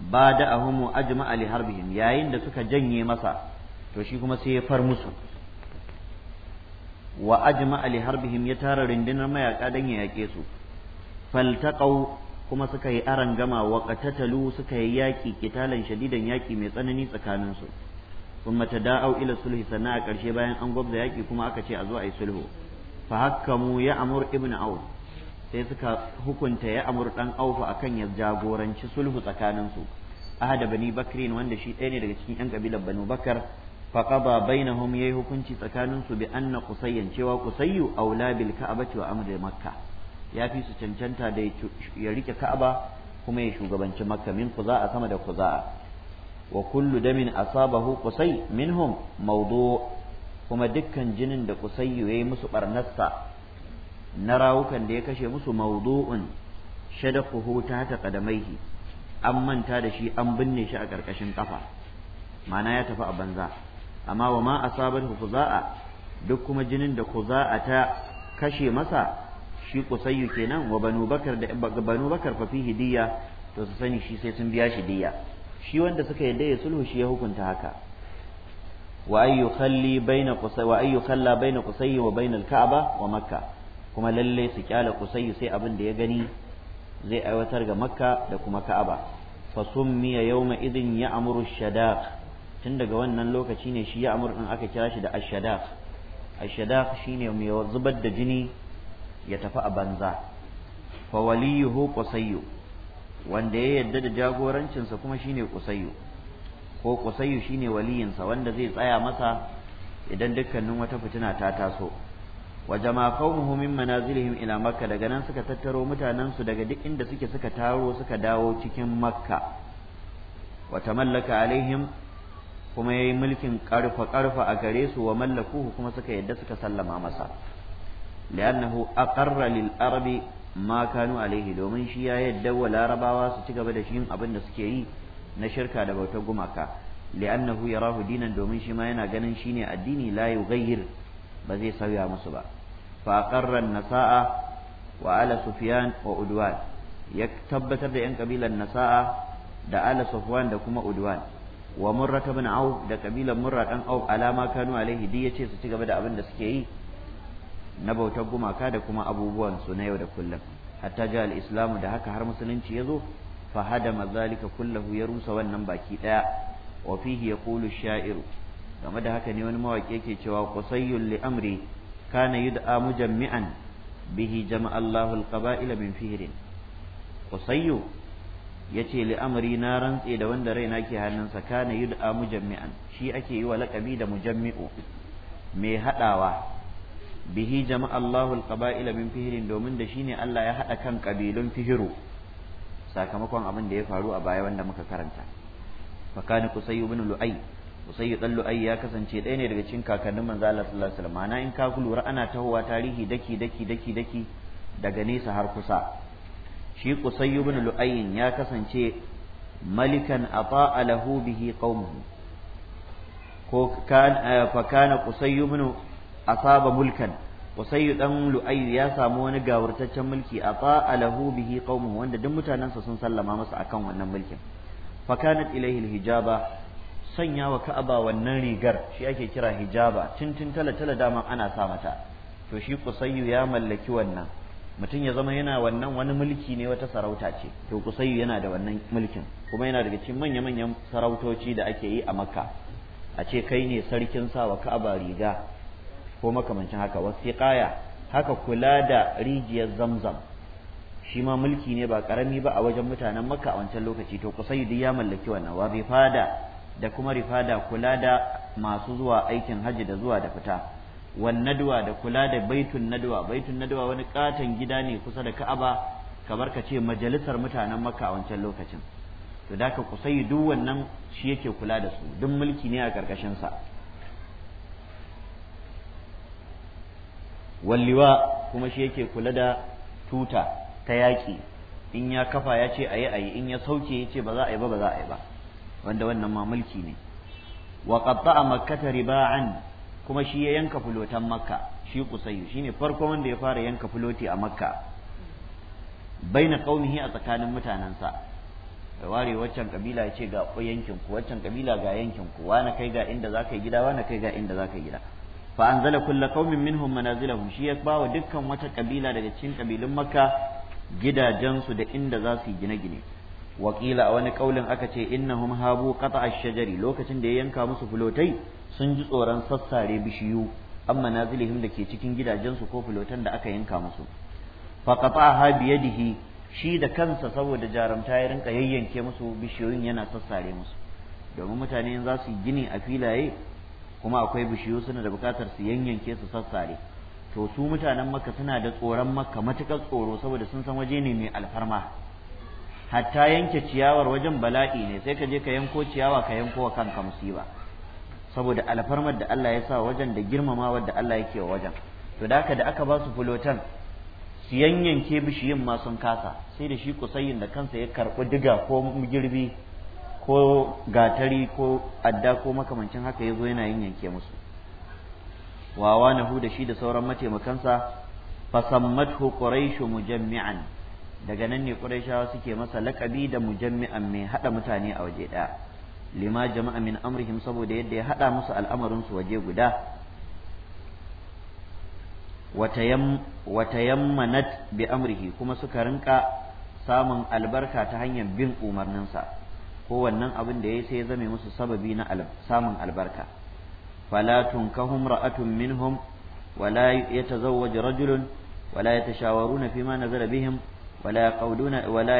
ba da ahumu ajma'a Ali harbihim yayin da suka janye masa to shi kuma sai ya far musu wa ajma'a harbihim ya tara rundunar mayaka dan ya yake su faltaqau kuma suka yi aran gama wa qatatalu suka yi yaki kitalan shadidan yaki mai tsanani tsakanin su ثم تداعوا إلى الصلح sannan a ƙarshe bayan an gwabza yaki kuma aka ce a zo a yi sulhu fa hakkamu ya amur ibn Auf sai suka hukunta ya amur dan aufa akan ya jagoranci sulhu tsakaninsu ahada bani bakrin wanda shi ɗaya ne daga cikin yan kabilar banu bakar ba faqada bainahum yayi hukunci tsakaninsu bi anna qusayyan cewa qusayyu aula bil ka'bati wa amri makka ya fi su cancanta da ya rike ka'aba kuma ya shugabanci makka min kuza'a sama da kuza'a wa kullu damin asabahu qusay minhum mawdu kuma dukkan jinin da ya yi musu barnasta na rawukan da ya kashe musu maudu'un, mawdu'un ta ta kadamaihi an manta da shi an binne shi a ƙarƙashin ƙafa mana ya tafi a banza amma wa ma asabat kuza'a duk kuma jinin da za'a ta kashe masa shi kusayyu kenan wa banu bakar da banu bakar fa fihi diyya to su sani shi sai sun biya shi diyya shi wanda suka yadda ya sulhu shi ya hukunta haka wa ayyu khalli baina qusay wa ayyu khalla bayna qusay wa Makka. al-ka'ba wa makkah kuma lalle su kyala kusayi sai abin da ya gani zai aiwatar ga makka da kuma ka'aba fa summiya yawma idin ya amuru shadaq tun daga wannan lokaci ne shi ya amur din aka kira shi da ashadaq ashadaq shine mai zubar da jini ya tafi a banza fa waliyuhu qusayyu wanda ya yadda da jagorancinsa kuma shine qusayyu ko qusayyu shine sa wanda zai tsaya masa idan dukkanin wata fitina ta taso وجمع قومه من منازلهم إلى daga nan suka tattaro متانان سدغ دك إند سكا سكا suka سكا داو تكين مكة وتملك عليهم kuma ya yi mulkin ƙarfa-ƙarfa a gare su wa mallakuhu kuma suka yadda suka sallama masa li'annahu aqarra lil arabi ma kanu alaihi domin shi ya yadda wa larabawa su ci gaba da shi abin da suke yi na shirka da bautar gumaka li'annahu yarahu dinan domin shi ma yana ganin shine addini la yughayyir ba zai sauya musu ba فأقر النساء وآل سفيان وأدوان يكتبت بأن قبيل النساء دا آل صفوان دا كما أدوان ومرة بن عوف دا قبيلة مرة أن عوف على ما كانوا عليه دي يتشي ستيقى بدأ أبن دا سكيي نبو تقو ما كاد كما أبو بوان سنيو دا كلهم حتى جاء الإسلام دا هكا هر مسلم يزو فهدم ذلك كله يروس والنباكي لا وفيه يقول الشاعر game da haka ne wani mawaƙi yake cewa qusayyu li amri kana yud'a mujammi'an bihi jama'a Allahu al-qaba'ila min fihrin qusayyu yace li amri na rantse da wanda raina ke hannunsa kana yud'a mujammi'an shi ake yi wa laqabi da mujammi'u mai haɗawa bihi jama'a Allahu al-qaba'ila min fihrin domin da shi ne Allah ya haɗa kan kabilun fihiru sakamakon abin da ya faru a baya wanda muka karanta fa kana qusayyu bin lu'ay Usayyu dan ai ya kasance ɗaya ne daga cikin kakannin manzo Allah sallallahu alaihi wasallam ma'ana in ka lura ana tahowa tarihi daki daki daki daki daga nesa har kusa shi Usayyu ibn Lu'ay ya kasance malikan ata'a lahu bihi qaumuhu ko kan eh, fa kana Usayyu ibn asaba mulkan Usayyu dan Lu'ay ya samu wani gawurtaccen mulki ata'a lahu bihi qaumuhu wanda duk mutanansa sun sallama masa akan wannan mulkin fa kanat ilayhi al-hijaba sanya wa ka'aba wannan rigar shi ake kira hijaba tintin tala tala dama ana sa mata to shi kusayyu ya mallaki wannan mutum ya zama yana wannan wani mulki ne wata sarauta ce to kusayyu yana da wannan mulkin kuma yana daga cikin manya manyan sarautoci da ake yi a makka a ce kai ne sarkin sa wa ka'aba riga ko makamancin haka wasiqaya haka kula da rijiyar zamzam shi ma mulki ne ba karami ba a wajen mutanen makka a wancan lokaci to kusayyu duk ya mallaki wannan wa bi fada da kuma rifada kula da masu zuwa aikin hajji da zuwa da fita wan nadwa da kula da baitun nadwa baitun nadwa wani katon gida ne kusa da ka'aba kamar ka ce majalisar mutanen makka a wancan lokacin to da ka kusayi duk wannan shi yake kula da su duk mulki ne a karkashin sa walliwa kuma shi yake kula da tuta ta yaƙi in ya kafa ya ce a yi a yi in ya sauke ya ce ba za a yi ba ba za a yi ba wanda wannan ma mulki ne wa qatta'a makkata riba'an kuma shi ya yanka fulotan makka shi shi ne farko wanda ya fara yanka fuloti a makka baina qaumihi a tsakanin mutanansa ware waccan kabila ya ce ga yankin ku waccan kabila ga yankin ku wani kai ga inda zaka yi gida wani kai ga inda zaka yi gida fa anzala kullu qaumin minhum manazilahum shi ya bawa dukkan wata kabila daga cikin kabilun makka gidajensu da inda za su yi gine-gine wakila a wani kaulin aka ce innahum habu qata ash-shajari lokacin da ya yanka musu fulotai sun ji tsoron sassare bishiyu amma nazilihim da ke cikin gidajensu ko filotan da aka yanka musu fa qata'aha bi yadihi shi da kansa saboda jarumta ya rinka yayyanke musu bishiyoyin yana sassare musu domin mutane in za su gini a filaye kuma akwai bishiyu suna da bukatar su yanyanke su sassare to su mutanen makka suna da tsoron makka matukar tsoro saboda sun san waje ne mai alfarma hatta yanke ciyawar wajen bala'i ne sai ka je ka yanko ciyawa ka yanko wa kanka musiba saboda alfarmar da Allah ya sa wajen da girmamawar da Allah yake wa wajen to da aka da aka ba su fulotan su yanyanke bishiyin ma sun kasa sai da shi kusayin da kansa ya karɓi diga ko girbi ko gatari ko adda ko makamancin haka ya zo yana yanyanke musu wawa nahu da shi da sauran mataimakansa fasammathu quraishu mujammi'an daga nan ne qurayshawa suke masa laƙabi da mujammi'an mai haɗa mutane a waje ɗaya lima jama'a min amrihim saboda yadda ya haɗa musu al'amarin su waje guda Wata yammanat bi amrihi kuma suka rinka samun albarka ta hanyar bin umarninsa kowannan abin da ya sai ya zame musu sababi na samun albarka fala tunkahum ra'atun minhum wala yatazawwaj rajulun wala yatashawaruna fima nazara bihim ولا يقودون ولا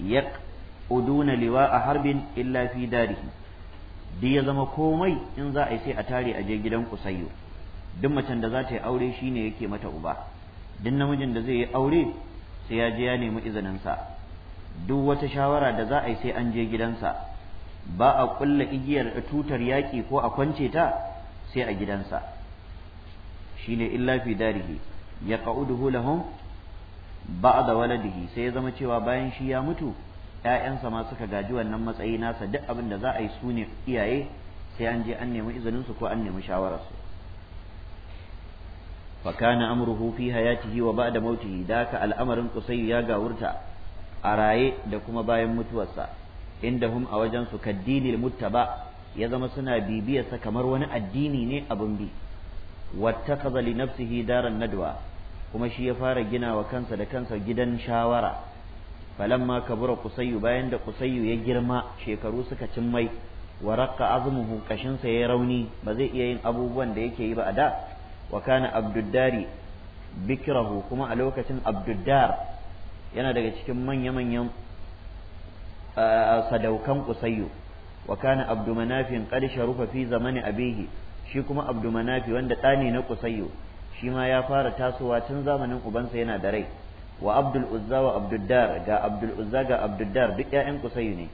يقودون لواء حرب إلا في داره duk ya zama komai in za a yi sai a tare a je gidan kusayyo duk macen da za ta yi aure shine yake mata uba duk namijin da zai yi aure sai ya je ya nemi izininsa duk wata shawara da za a yi sai an je gidansa ba a kulla igiyar tutar yaƙi ko a kwance ta sai a gidansa shine illa fi darihi ya qa'uduhu lahum ba'da waladihi sai ya zama cewa bayan shi ya mutu 'ya'yansa ma suka gaji wannan matsayi nasa duk abin da za a yi su iyaye sai an je an nemi izininsu ko an nemi shawararsu. su fa kana amruhu fi hayatihi wa ba'da mautihi da haka al'amarin qusayyu ya gawurta a raye da kuma bayan mutuwarsa hum a wajen su kaddinil muttaba ya zama suna bibiyarsa kamar wani addini ne abun bi wattakhadha li nafsihi daran nadwa kuma shi ya fara gina wa kansa da kansa gidan shawara falamma kabura kusayyu bayan da kusayyu ya girma shekaru suka cimmai wa raqqa azmuhu kashinsa ya rauni ba zai iya yin abubuwan da yake yi ba a da wa kana abduddari bikrahu kuma a lokacin abduddar yana daga cikin manya-manyan sadaukan kusayyu wa kana abdu manafin qad sharufa fi zamani abihi shi kuma abdu manafi wanda ɗani na kusayyu shi ma ya fara tasowa tun zamanin ubansa yana da rai wa abdul uzza wa abduddar ga abdul uzza ga abduddar duk ƴaƴan kusayyu ne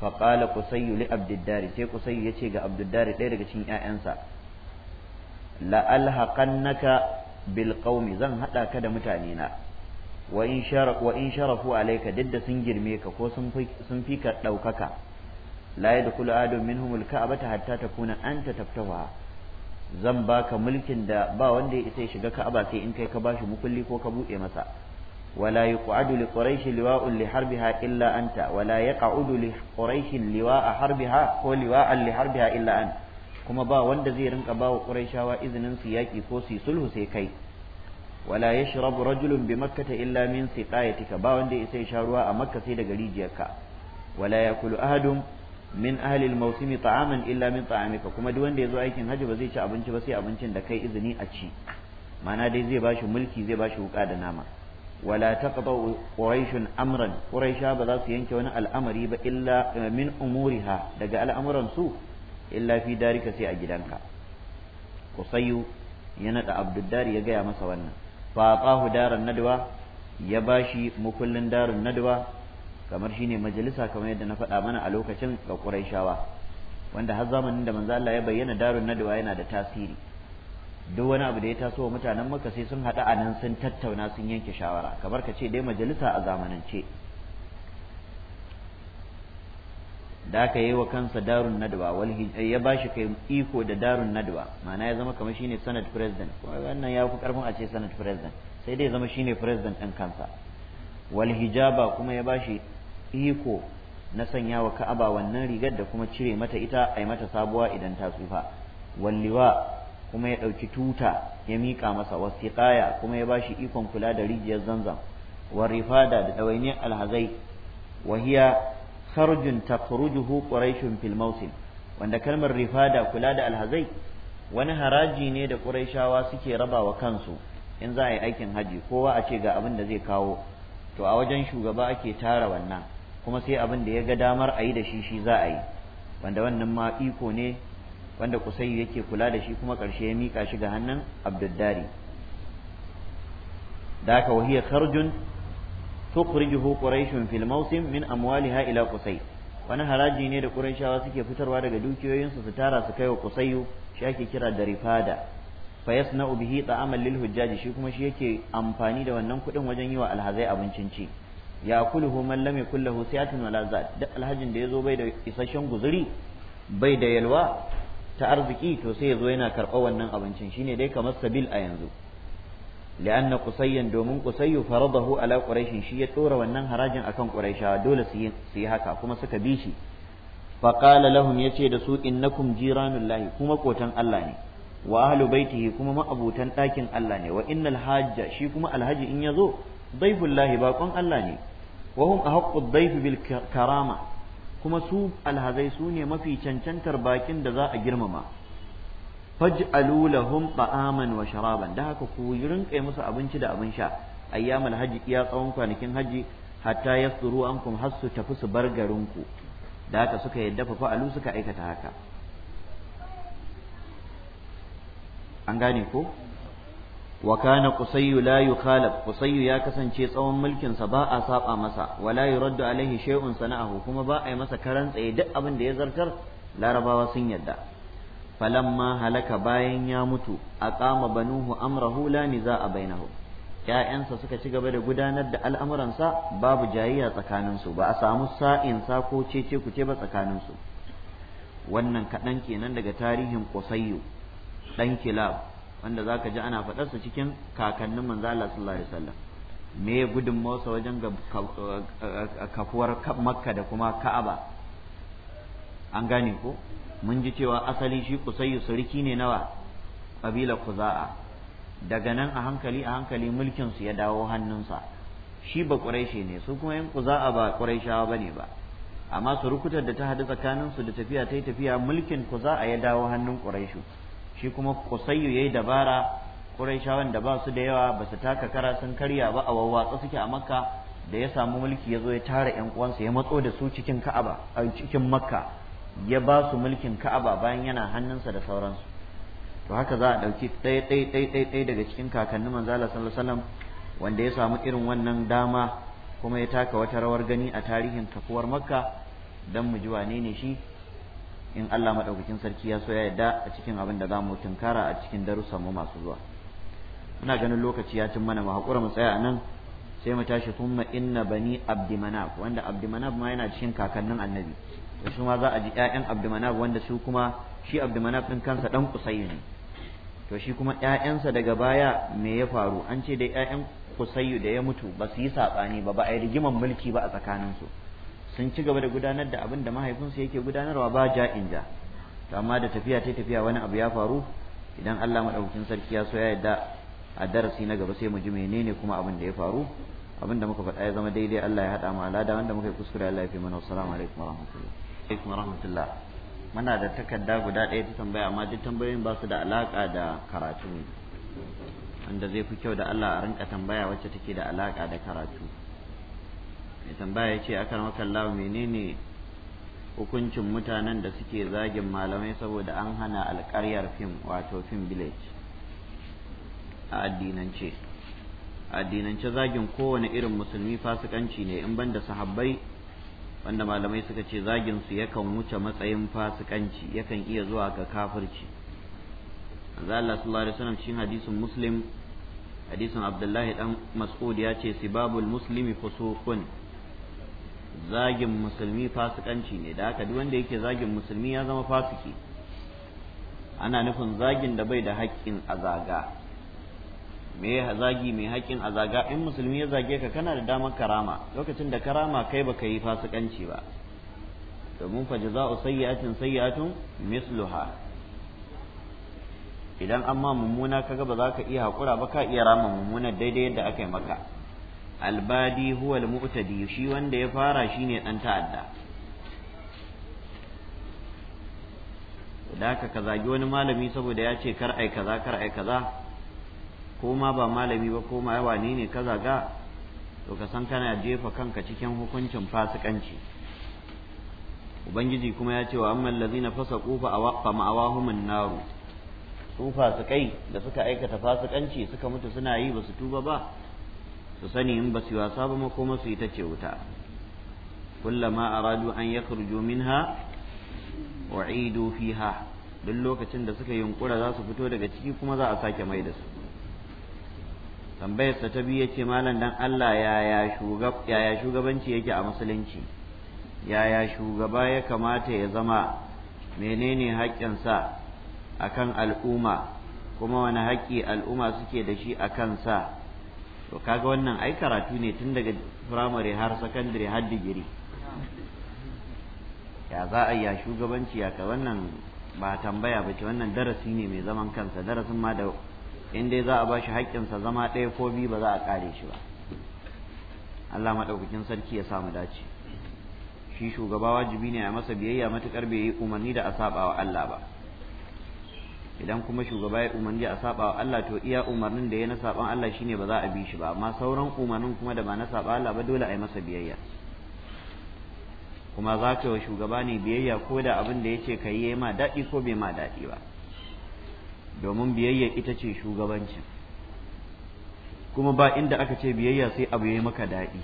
fa qala kusayyu li abduddar sai kusayyu yace ga abduddar ɗaya daga cikin ƴaƴansa la alhaqannaka bil qaumi zan hada ka da mutane na wa in wa in sharafu alayka duk da sun girme ka ko sun fi sun fi ka daukaka la yadkhulu adun minhum al ka'bata hatta takuna anta taftahuha zan baka mulkin da ba wanda ya isa ya shiga ka'aba sai in kai ka bashi mukulli ko ka buɗe masa wala yuqadu li quraish liwa'un li harbiha illa anta wala yaqadu li quraish liwa'a harbiha ko liwa'an li illa an kuma ba wanda zai rinka ba wa izinin su yaƙi ko su sulhu sai kai wala yashrabu rajulun bi makkata illa min siqayatika ba wanda ya isa ya sha ruwa a makka sai daga rijiyarka wala yakulu ahadun min ahli al-mawsim ta'aman illa min ta'amika kuma duk wanda yazo aikin haji ba zai ci abinci ba sai abincin da kai izini a ci mana dai zai bashi mulki zai bashi wuka da nama wala taqta quraishun amran quraisha ba za su yanke wani al'amari ba illa eh, min umuriha daga al'amuran su illa fi darika sai a gidanka kusayu ya nada abduddari ya gaya masa wannan fa aqahu daran nadwa ya bashi mukullin darin nadwa kamar shine majalisa kamar yadda na faɗa mana a lokacin ga Qurayshawa wanda har zamanin da manzo Allah ya bayyana darun nadwa yana da tasiri duk wani abu da ya taso wa mutanen Makka sai sun haɗu a nan sun tattauna sun yanke shawara kamar ka ce dai majalisa a zamanance da aka yi wa kansa darun nadwa wal eh, ya bashi kai iko da darun nadwa ma'ana ya zama kamar shine senate president wannan ya fi karfin a ce senate president sai dai ya zama shine president ɗin kansa wal hijaba kuma ya bashi iko na sanya wa ka'aba wannan rigar da kuma cire mata ita a yi mata sabuwa idan ta tsufa walliwa kuma ya ɗauki tuta ya miƙa masa wasiƙaya kuma ya bashi ikon kula da rijiyar zanzam warifada da ɗawainiyar alhazai wahiya sarjin takhrujuhu quraishun fil mawsim wanda kalmar rifada kula da alhazai wani haraji ne da quraishawa suke rabawa kansu in za a yi aikin haji kowa a ce ga abin da zai kawo to a wajen shugaba ake tara wannan kuma sai abin da ya ga damar a yi da shi shi za a yi wanda wannan ma iko ne wanda kusayu yake kula da shi kuma ƙarshe ya miƙa shi ga hannun abdullari da haka wahiyar kharjun tukhrijuhu quraishun fil min amwaliha ila kusai. wani haraji ne da ƙuraishawa suke fitarwa daga dukiyoyinsu su tara su kai wa qusayu shi ake kira da rifada fa yasna'u bihi ta'aman lil hujjaji shi kuma shi yake amfani da wannan kuɗin wajen yi wa alhazai abincin ci ya kuluhu man lam yakul lahu siyatun wala zat duk alhajin da yazo bai da isasshen guzuri bai da yalwa ta arziki to sai yazo yana karɓar wannan abincin shine dai kamar sabil a yanzu domin قصيا دومون قصي ala على shi ya يتورى wannan harajin akan قريشا dole su yi haka kuma suka bi shi فقال ya ce da su innakum jiranullahi kuma kotan Allah ne wa ahlu baitihi kuma ma'abutan ɗakin Allah ne wa innal hajja shi kuma alhaji in yazo daifullahi baƙon Allah ne wa hum ahaqqu daifi bil karama kuma su alhazai su ne mafi cancantar bakin da za a girmama faj'alu lahum ta'aman wa sharaban da haka ku rinƙa musu abinci da abin sha ayyamul haji iya tsawon kwanakin haji hatta yasduru ankum har su tafi su bar garin ku da haka suka yadda fa fa'alu suka aikata haka an gane ko wa kana layu la yukhalaf ya kasance tsawon mulkin sa ba a saba masa wala yuraddu alaihi shay'un sana'ahu kuma ba a yi masa karan tsaye duk abin da ya zartar larabawa sun yadda falamma halaka bayan ya mutu aqama banuhu amrahu la a bainahum ƴaƴansa suka ci gaba da gudanar da al'amuransa babu jayayya tsakaninsu ba a samu sa'in sa ko cece ce ba tsakaninsu wannan kaɗan kenan daga tarihin Kusayyu ɗan kilab wanda zaka ji ana faɗarsa cikin kakannin manzo Allah sallallahu alaihi wasallam me gudunmawarsa wajen kafuwar makka da kuma ka'aba an gane ko mun ji cewa asali shi kusayyu suriki ne nawa ƙabilar kuza'a daga nan a hankali a hankali mulkinsu ya dawo hannunsa shi ba ƙuraishe ne su kuma yin kuza'a ba ƙuraishawa ba ne ba amma surukutar da ta haɗu tsakaninsu da tafiya ta yi tafiya mulkin kuza'a ya dawo hannun ƙuraishu shi kuma kusayyu yayi dabara Qurayshawan da ba su da yawa ba su taka kara sun karya ba a wawwatsa suke a Makka da ya samu mulki ya zo ya tara ƴan uwansa ya matso da su cikin Ka'aba a cikin Makka ya ba su mulkin Ka'aba bayan yana hannunsa da sauransu to haka za a ɗauki ɗaya ɗaya ɗaya ɗaya daga cikin kakannin manzo Allah sallallahu alaihi wasallam wanda ya samu irin wannan dama kuma ya taka wata rawar gani a tarihin kafuwar Makka dan mu ji wane ne shi in Allah madaukakin sarki ya so ya yadda a cikin abin da zamu tunkara a cikin darussan mu masu zuwa muna ganin lokaci ya cin mana mu hakura mu tsaya anan sai mu tashi thumma inna bani abdimanaf wanda abdimanaf ma yana cikin kakannin annabi to shi ma za a ji ƴaƴan abdimanaf wanda su kuma shi abdimanaf din kansa dan kusai ne to shi kuma ƴaƴansa daga baya me ya faru an ce da ƴaƴan kusayyu da ya mutu ba su yi saɓani ba ba a yi rigiman mulki ba a tsakaninsu sun ci gaba da gudanar da abin da mahaifinsu yake gudanarwa ba ja'in ja to amma da tafiya ta tafiya wani abu ya faru idan Allah madaukakin sarki ya so ya yarda a darasi na gaba sai mu ji menene kuma abin da ya faru abin da muka faɗa ya zama daidai Allah ya haɗa mu alada wanda muka yi kuskure Allah ya fi mana assalamu alaikum wa rahmatullahi wa rahmatullah muna da takarda guda ɗaya ta tambaya amma duk tambayoyin ba su da alaƙa da karatu wanda zai fi kyau da Allah a rinka tambaya wacce take da alaka da karatu mai tambaya ya ce akan makallawa menene hukuncin mutanen da suke zagin malamai saboda an hana alƙaryar fim wato fim village a addinance a addinance zagin kowane irin musulmi fasikanci ne in banda sahabbai wanda malamai suka ce zagin su yakan wuce matsayin fasikanci yakan iya zuwa ga kafirci manzo Allah sallallahu alaihi wasallam cikin hadisin muslim hadisin Abdullahi dan Mas'ud ya ce sibabul muslimi fusuqun zagin musulmi fasikanci ne da haka duk wanda yake zagin musulmi ya zama fasiki ana nufin zagin da bai da haƙƙin azaga me zagi mai haƙƙin azaga in musulmi ya zage ka kana da damar karama lokacin da karama kai baka yi fasikanci ba domin fa jaza'u sayyi'atin sayyi'atun misluha idan amma mummuna kaga ba za ka iya haƙura ba ka iya rama mummuna daidai yadda aka yi maka albadi huwa al-mu'tadi shi wanda ya fara shine dan ta'adda da ka zagi wani malami saboda ya ce kar ai kaza kar ai kaza ko ma ba malami ba ko ma wani ne ka zaga to ka san kana jefa kanka cikin hukuncin fasikanci ubangiji kuma ya ce wa amman ladina fasaqu fa ma'awahumun nar su fasikai da suka aikata fasikanci suka mutu suna yi ba su tuba ba su sani in ba su yi wasa ba makoma su ita ce wuta kullama aradu an wa minha u'idu fiha duk lokacin da suka yunkura za su fito daga ciki kuma za a sake mai da su tambayar ta biyu ya ce malam dan Allah yaya shugabanci yake a musulunci yaya shugaba ya kamata ya zama menene haƙƙinsa akan al'umma kuma wani haƙƙi al'umma suke da shi a kansa to kaga wannan ai karatu ne tun daga firamare har sakandare har digiri ya za a ya shugabanci ya ka wannan ba tambaya ba ce wannan darasi ne mai zaman kansa darasin ma da inda za a ba shi haƙƙinsa zama ɗaya ko biyu ba za a ƙare shi ba Allah maɗaukakin sarki ya samu dace shi shugaba wajibi ne a masa biyayya matuƙar bai yi umarni da a saɓa wa Allah ba idan kuma shugaba ya umarni a saba wa Allah to iya umarnin da ya na saban Allah shine ba za a bi shi ba amma sauran umarnin kuma da ba na saba Allah ba dole a yi masa biyayya kuma za ka yi wa shugaba ne biyayya ko da abin da ya ce ka yi ma daɗi ko bai ma daɗi ba domin biyayya ita ce shugabanci kuma ba inda aka ce biyayya sai abu ya yi maka daɗi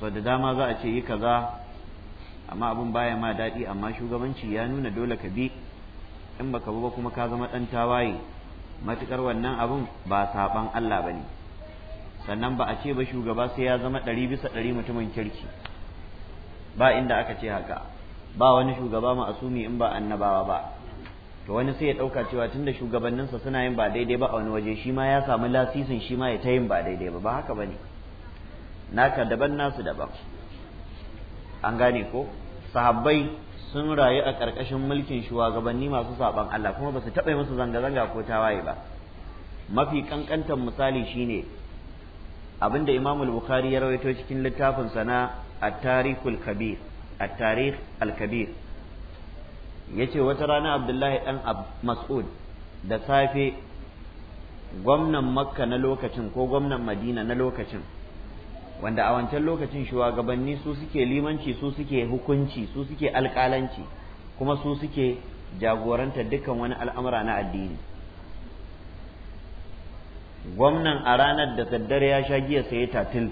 sau da dama za a ce yi kaza amma abin baya ma daɗi amma shugabanci ya nuna dole ka bi in baka ba kuma ka zama ɗan tawaye matukar wannan abun ba saban Allah bane sannan ba a ce ba shugaba sai ya zama ɗari bisa ɗari mutumin kirki ba inda aka ce haka ba wani shugaba ma'asumi in ba annabawa ba to wani sai ya ɗauka cewa tunda shugabanninsa suna yin ba daidai ba a wani waje shi ma ya samu lasisin shi ma ya ta yin ba daidai ba ba haka ba ne naka daban nasu daban an gane ko sahabbai sun rayu a ƙarƙashin mulkin shugabanni masu saɓan Allah kuma ba su taɓa musu zanga-zanga ko tawaye ba mafi ƙanƙantar misali shine abinda Imam Bukhari ya rawaito cikin littafin sana a tarikhul kabir a tarikh al-kabir yace wata rana Abdullahi ɗan Mas'ud da safe gwamnan Makka na lokacin ko gwamnan Madina na lokacin wanda a wancan lokacin shugabanni su suke limanci su suke hukunci su suke alƙalanci kuma su suke jagoranta dukkan wani al'amura na addini gwamnan a ranar da daddare ya sha giya sai tatil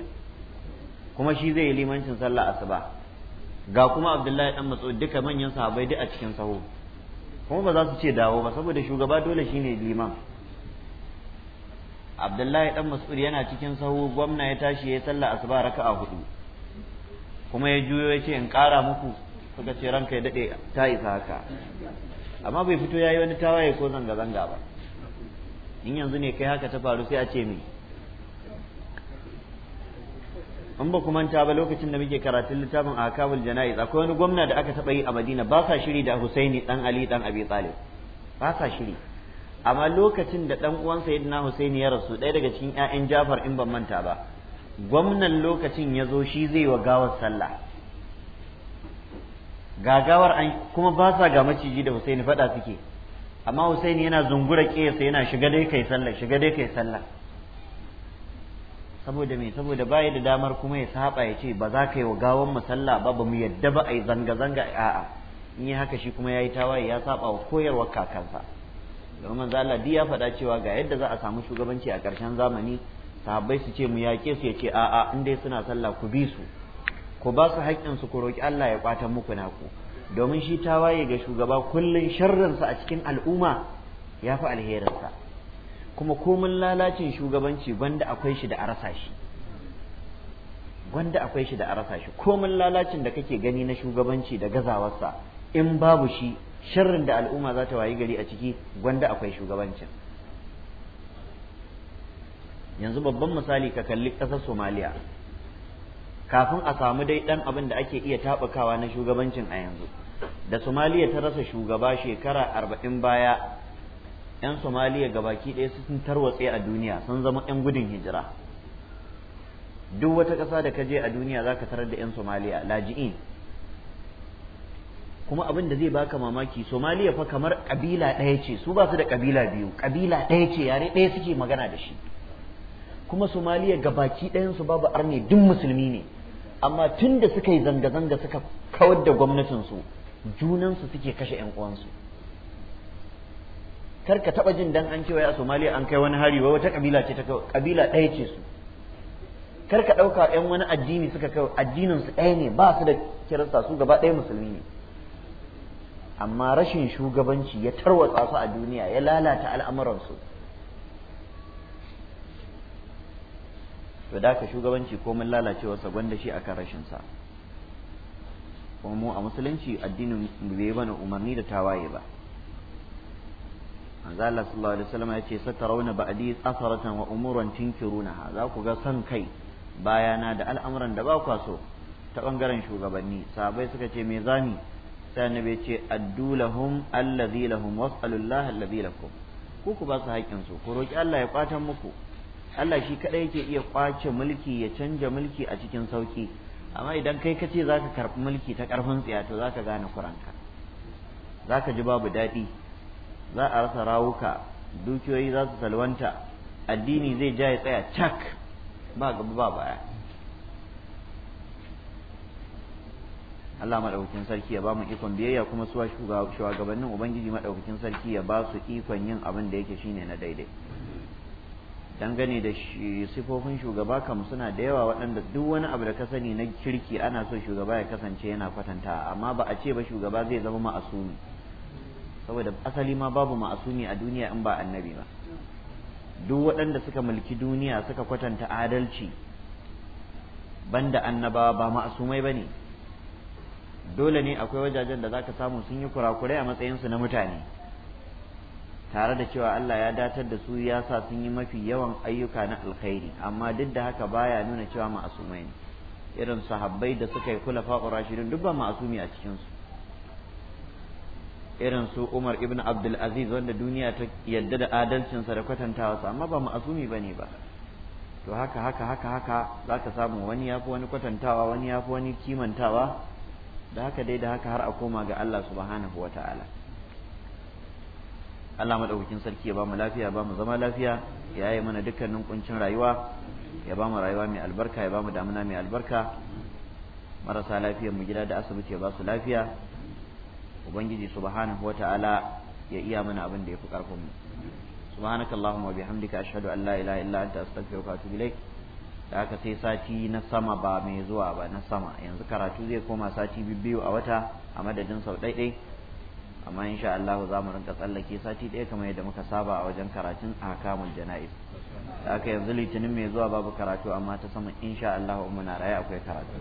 kuma shi zai yi limancin sallah asuba ga kuma abdullahi Ɗan matso duka manyan sahabbai duk a cikin saho kuma ba za su ce dawo ba saboda shugaba dole shine liman abdullahi dan mas'ud yana cikin sahu gwamna ya tashi ya sallah asuba raka'a hudu kuma ya juyo ya ce in ƙara muku suka ce ranka ya daɗe ta isa haka amma bai fito yayi wani tawaye ko zanga zanga ba in yanzu ne kai haka ta faru sai a ce me an ba kuma ta ba lokacin da muke karatun littafin akabul jana'iz akwai wani gwamna da aka taɓa yi a madina ba sa shiri da husaini dan ali dan abi talib ba sa shiri amma lokacin da dan uwan sayyidina Husaini ya rasu ɗaya daga cikin ƴaƴan Jafar in ban manta ba gwamnan lokacin ya zo shi zai wa gawar sallah gagawar an kuma ba sa ga maciji da Husaini faɗa suke amma Husaini yana zungura ƙesa yana shiga dai kai sallah shiga dai kai sallah saboda me saboda bai da damar kuma ya saba ya ce ba za ka yi wa gawan mu sallah ba ba mu yadda ba a zanga zanga a'a in yi haka shi kuma yayi yi tawaye ya saba wa koyarwar kakansa kuma manzo Allah ya faɗa cewa ga yadda za a samu shugabanci a ƙarshen zamani sahabbai su ce mu yaƙe su ya ce a'a in dai suna sallah ku bi su ku ba su haƙƙin su ku roƙi Allah ya ƙwata muku naku domin shi ta waye ga shugaba kullun sharrinsa a cikin al'umma ya fi alherinsa kuma komin lalacin shugabanci gwanda akwai shi da a rasa shi gwanda akwai shi da a shi komin lalacin da kake gani na shugabanci da gazawarsa in babu shi sharrin da al'umma za ta wayi gari a ciki gwanda akwai shugabancin yanzu babban misali ka kalli ƙasar somaliya kafin a samu dai ɗan abin da ake iya taɓukawa na shugabancin a yanzu da somaliya ta rasa shugaba shekara arba'in baya 'yan somaliya gabaki ɗaya sun tarwatse a duniya sun zama 'yan gudun hijira duk wata ƙasa da ka je a duniya za ka tarar da 'yan somaliya laji'in kuma abin da zai baka mamaki somaliya fa kamar kabila ɗaya ce su ba su da kabila biyu kabila ɗaya ce yare ɗaya suke magana da shi kuma somaliya gabaki baki ɗayansu babu arne duk musulmi ne amma tunda da suka yi zanga-zanga suka kawar da gwamnatinsu junansu suke kashe 'yan uwansu kar ka taɓa jin dan an cewa a somaliya an kai wani hari wai wata kabila ce ta kabila ɗaya ce su kar ka ɗauka 'yan wani addini suka kai addinin su ɗaya ne ba su da kirista su gaba ɗaya musulmi ne amma rashin shugabanci ya tarwatsa su a duniya ya lalata al'amuransu to da ka shugabanci komin lalacewarsa gwanda shi akan rashinsa kuma mu a musulunci addinin bai mana umarni da tawaye ba manzo Allah sallallahu alaihi wasallam ya ce satarawna ba'di asaratan wa umuran tinkirunaha za ku ga san kai bayana da al'amuran da ba kwa so ta bangaren shugabanni sahabbai suka ce me zani sai annabi ce addulahum allazi lahum was'alullaha allazi lakum ku ku ba su haƙƙin su ku roki Allah ya kwatan muku Allah shi kadai yake iya kwace mulki ya canja mulki a cikin sauki amma idan kai kace zaka karbi mulki ta karfin tsiya to zaka gane kuranka zaka ji babu daɗi za a rasa rawuka dukiyoyi za su salwanta addini zai ja ya tsaya cak ba gaba ba baya Allah madaukakin sarki ya ba mu ikon biyayya kuma suwa shugabannin ubangiji madaukakin sarki ya ba su ikon yin abin da yake shine na daidai dangane da sifofin shugaba kam suna da yawa waɗanda duk wani abu da ka sani na kirki ana so shugaba ya kasance yana kwatanta amma ba a ce ba shugaba zai zama ma'asumi saboda asali ma babu ma'asumi a duniya in ba annabi ba duk waɗanda suka mulki duniya suka kwatanta adalci banda annaba ba ma'asumai ba ne dole ne akwai wajajen da zaka samu sun yi kurakurai a matsayinsu na mutane tare da cewa Allah ya datar da su ya sa sun yi mafi yawan ayyuka na alkhairi amma duk da haka baya nuna cewa ma'asumai ne irin sahabbai da suka yi kula fa'ur rashidun duk ba ma'asumi a cikinsu irin su Umar ibn Abdul Aziz wanda duniya ta yadda da adalcinsa da kwatantawa amma ba ma'asumi ba ne ba to haka haka haka haka za ka samu wani yafi wani kwatantawa wani yafi wani kimantawa da haka dai da haka har a koma ga Allah subhanahu wa ta'ala Allah maɗaukakin sarki ya ba mu lafiya ba mu zama lafiya ya yi mana dukkanin kuncin rayuwa ya ba mu rayuwa mai albarka ya ba mu damuna mai albarka marasa lafiyar mu gida da asibiti ya ba su lafiya ubangiji subhanahu ta'ala ya iya mana abin da ya fi ƙarfinmu. mu subhanakallahumma wa bihamdika ashhadu an la ilaha illa anta astaghfiruka wa atubu ilaik da aka sai sati na sama ba mai zuwa ba na sama yanzu karatu zai koma sati biyu a wata a madadin sau ɗaiɗai amma insha Allah za mu rinka tsallake sati ɗaya kamar yadda muka saba a wajen karatun ahkamul jana'iz da aka yanzu litinin mai zuwa babu karatu amma ta sama insha Allah muna raye akwai karatu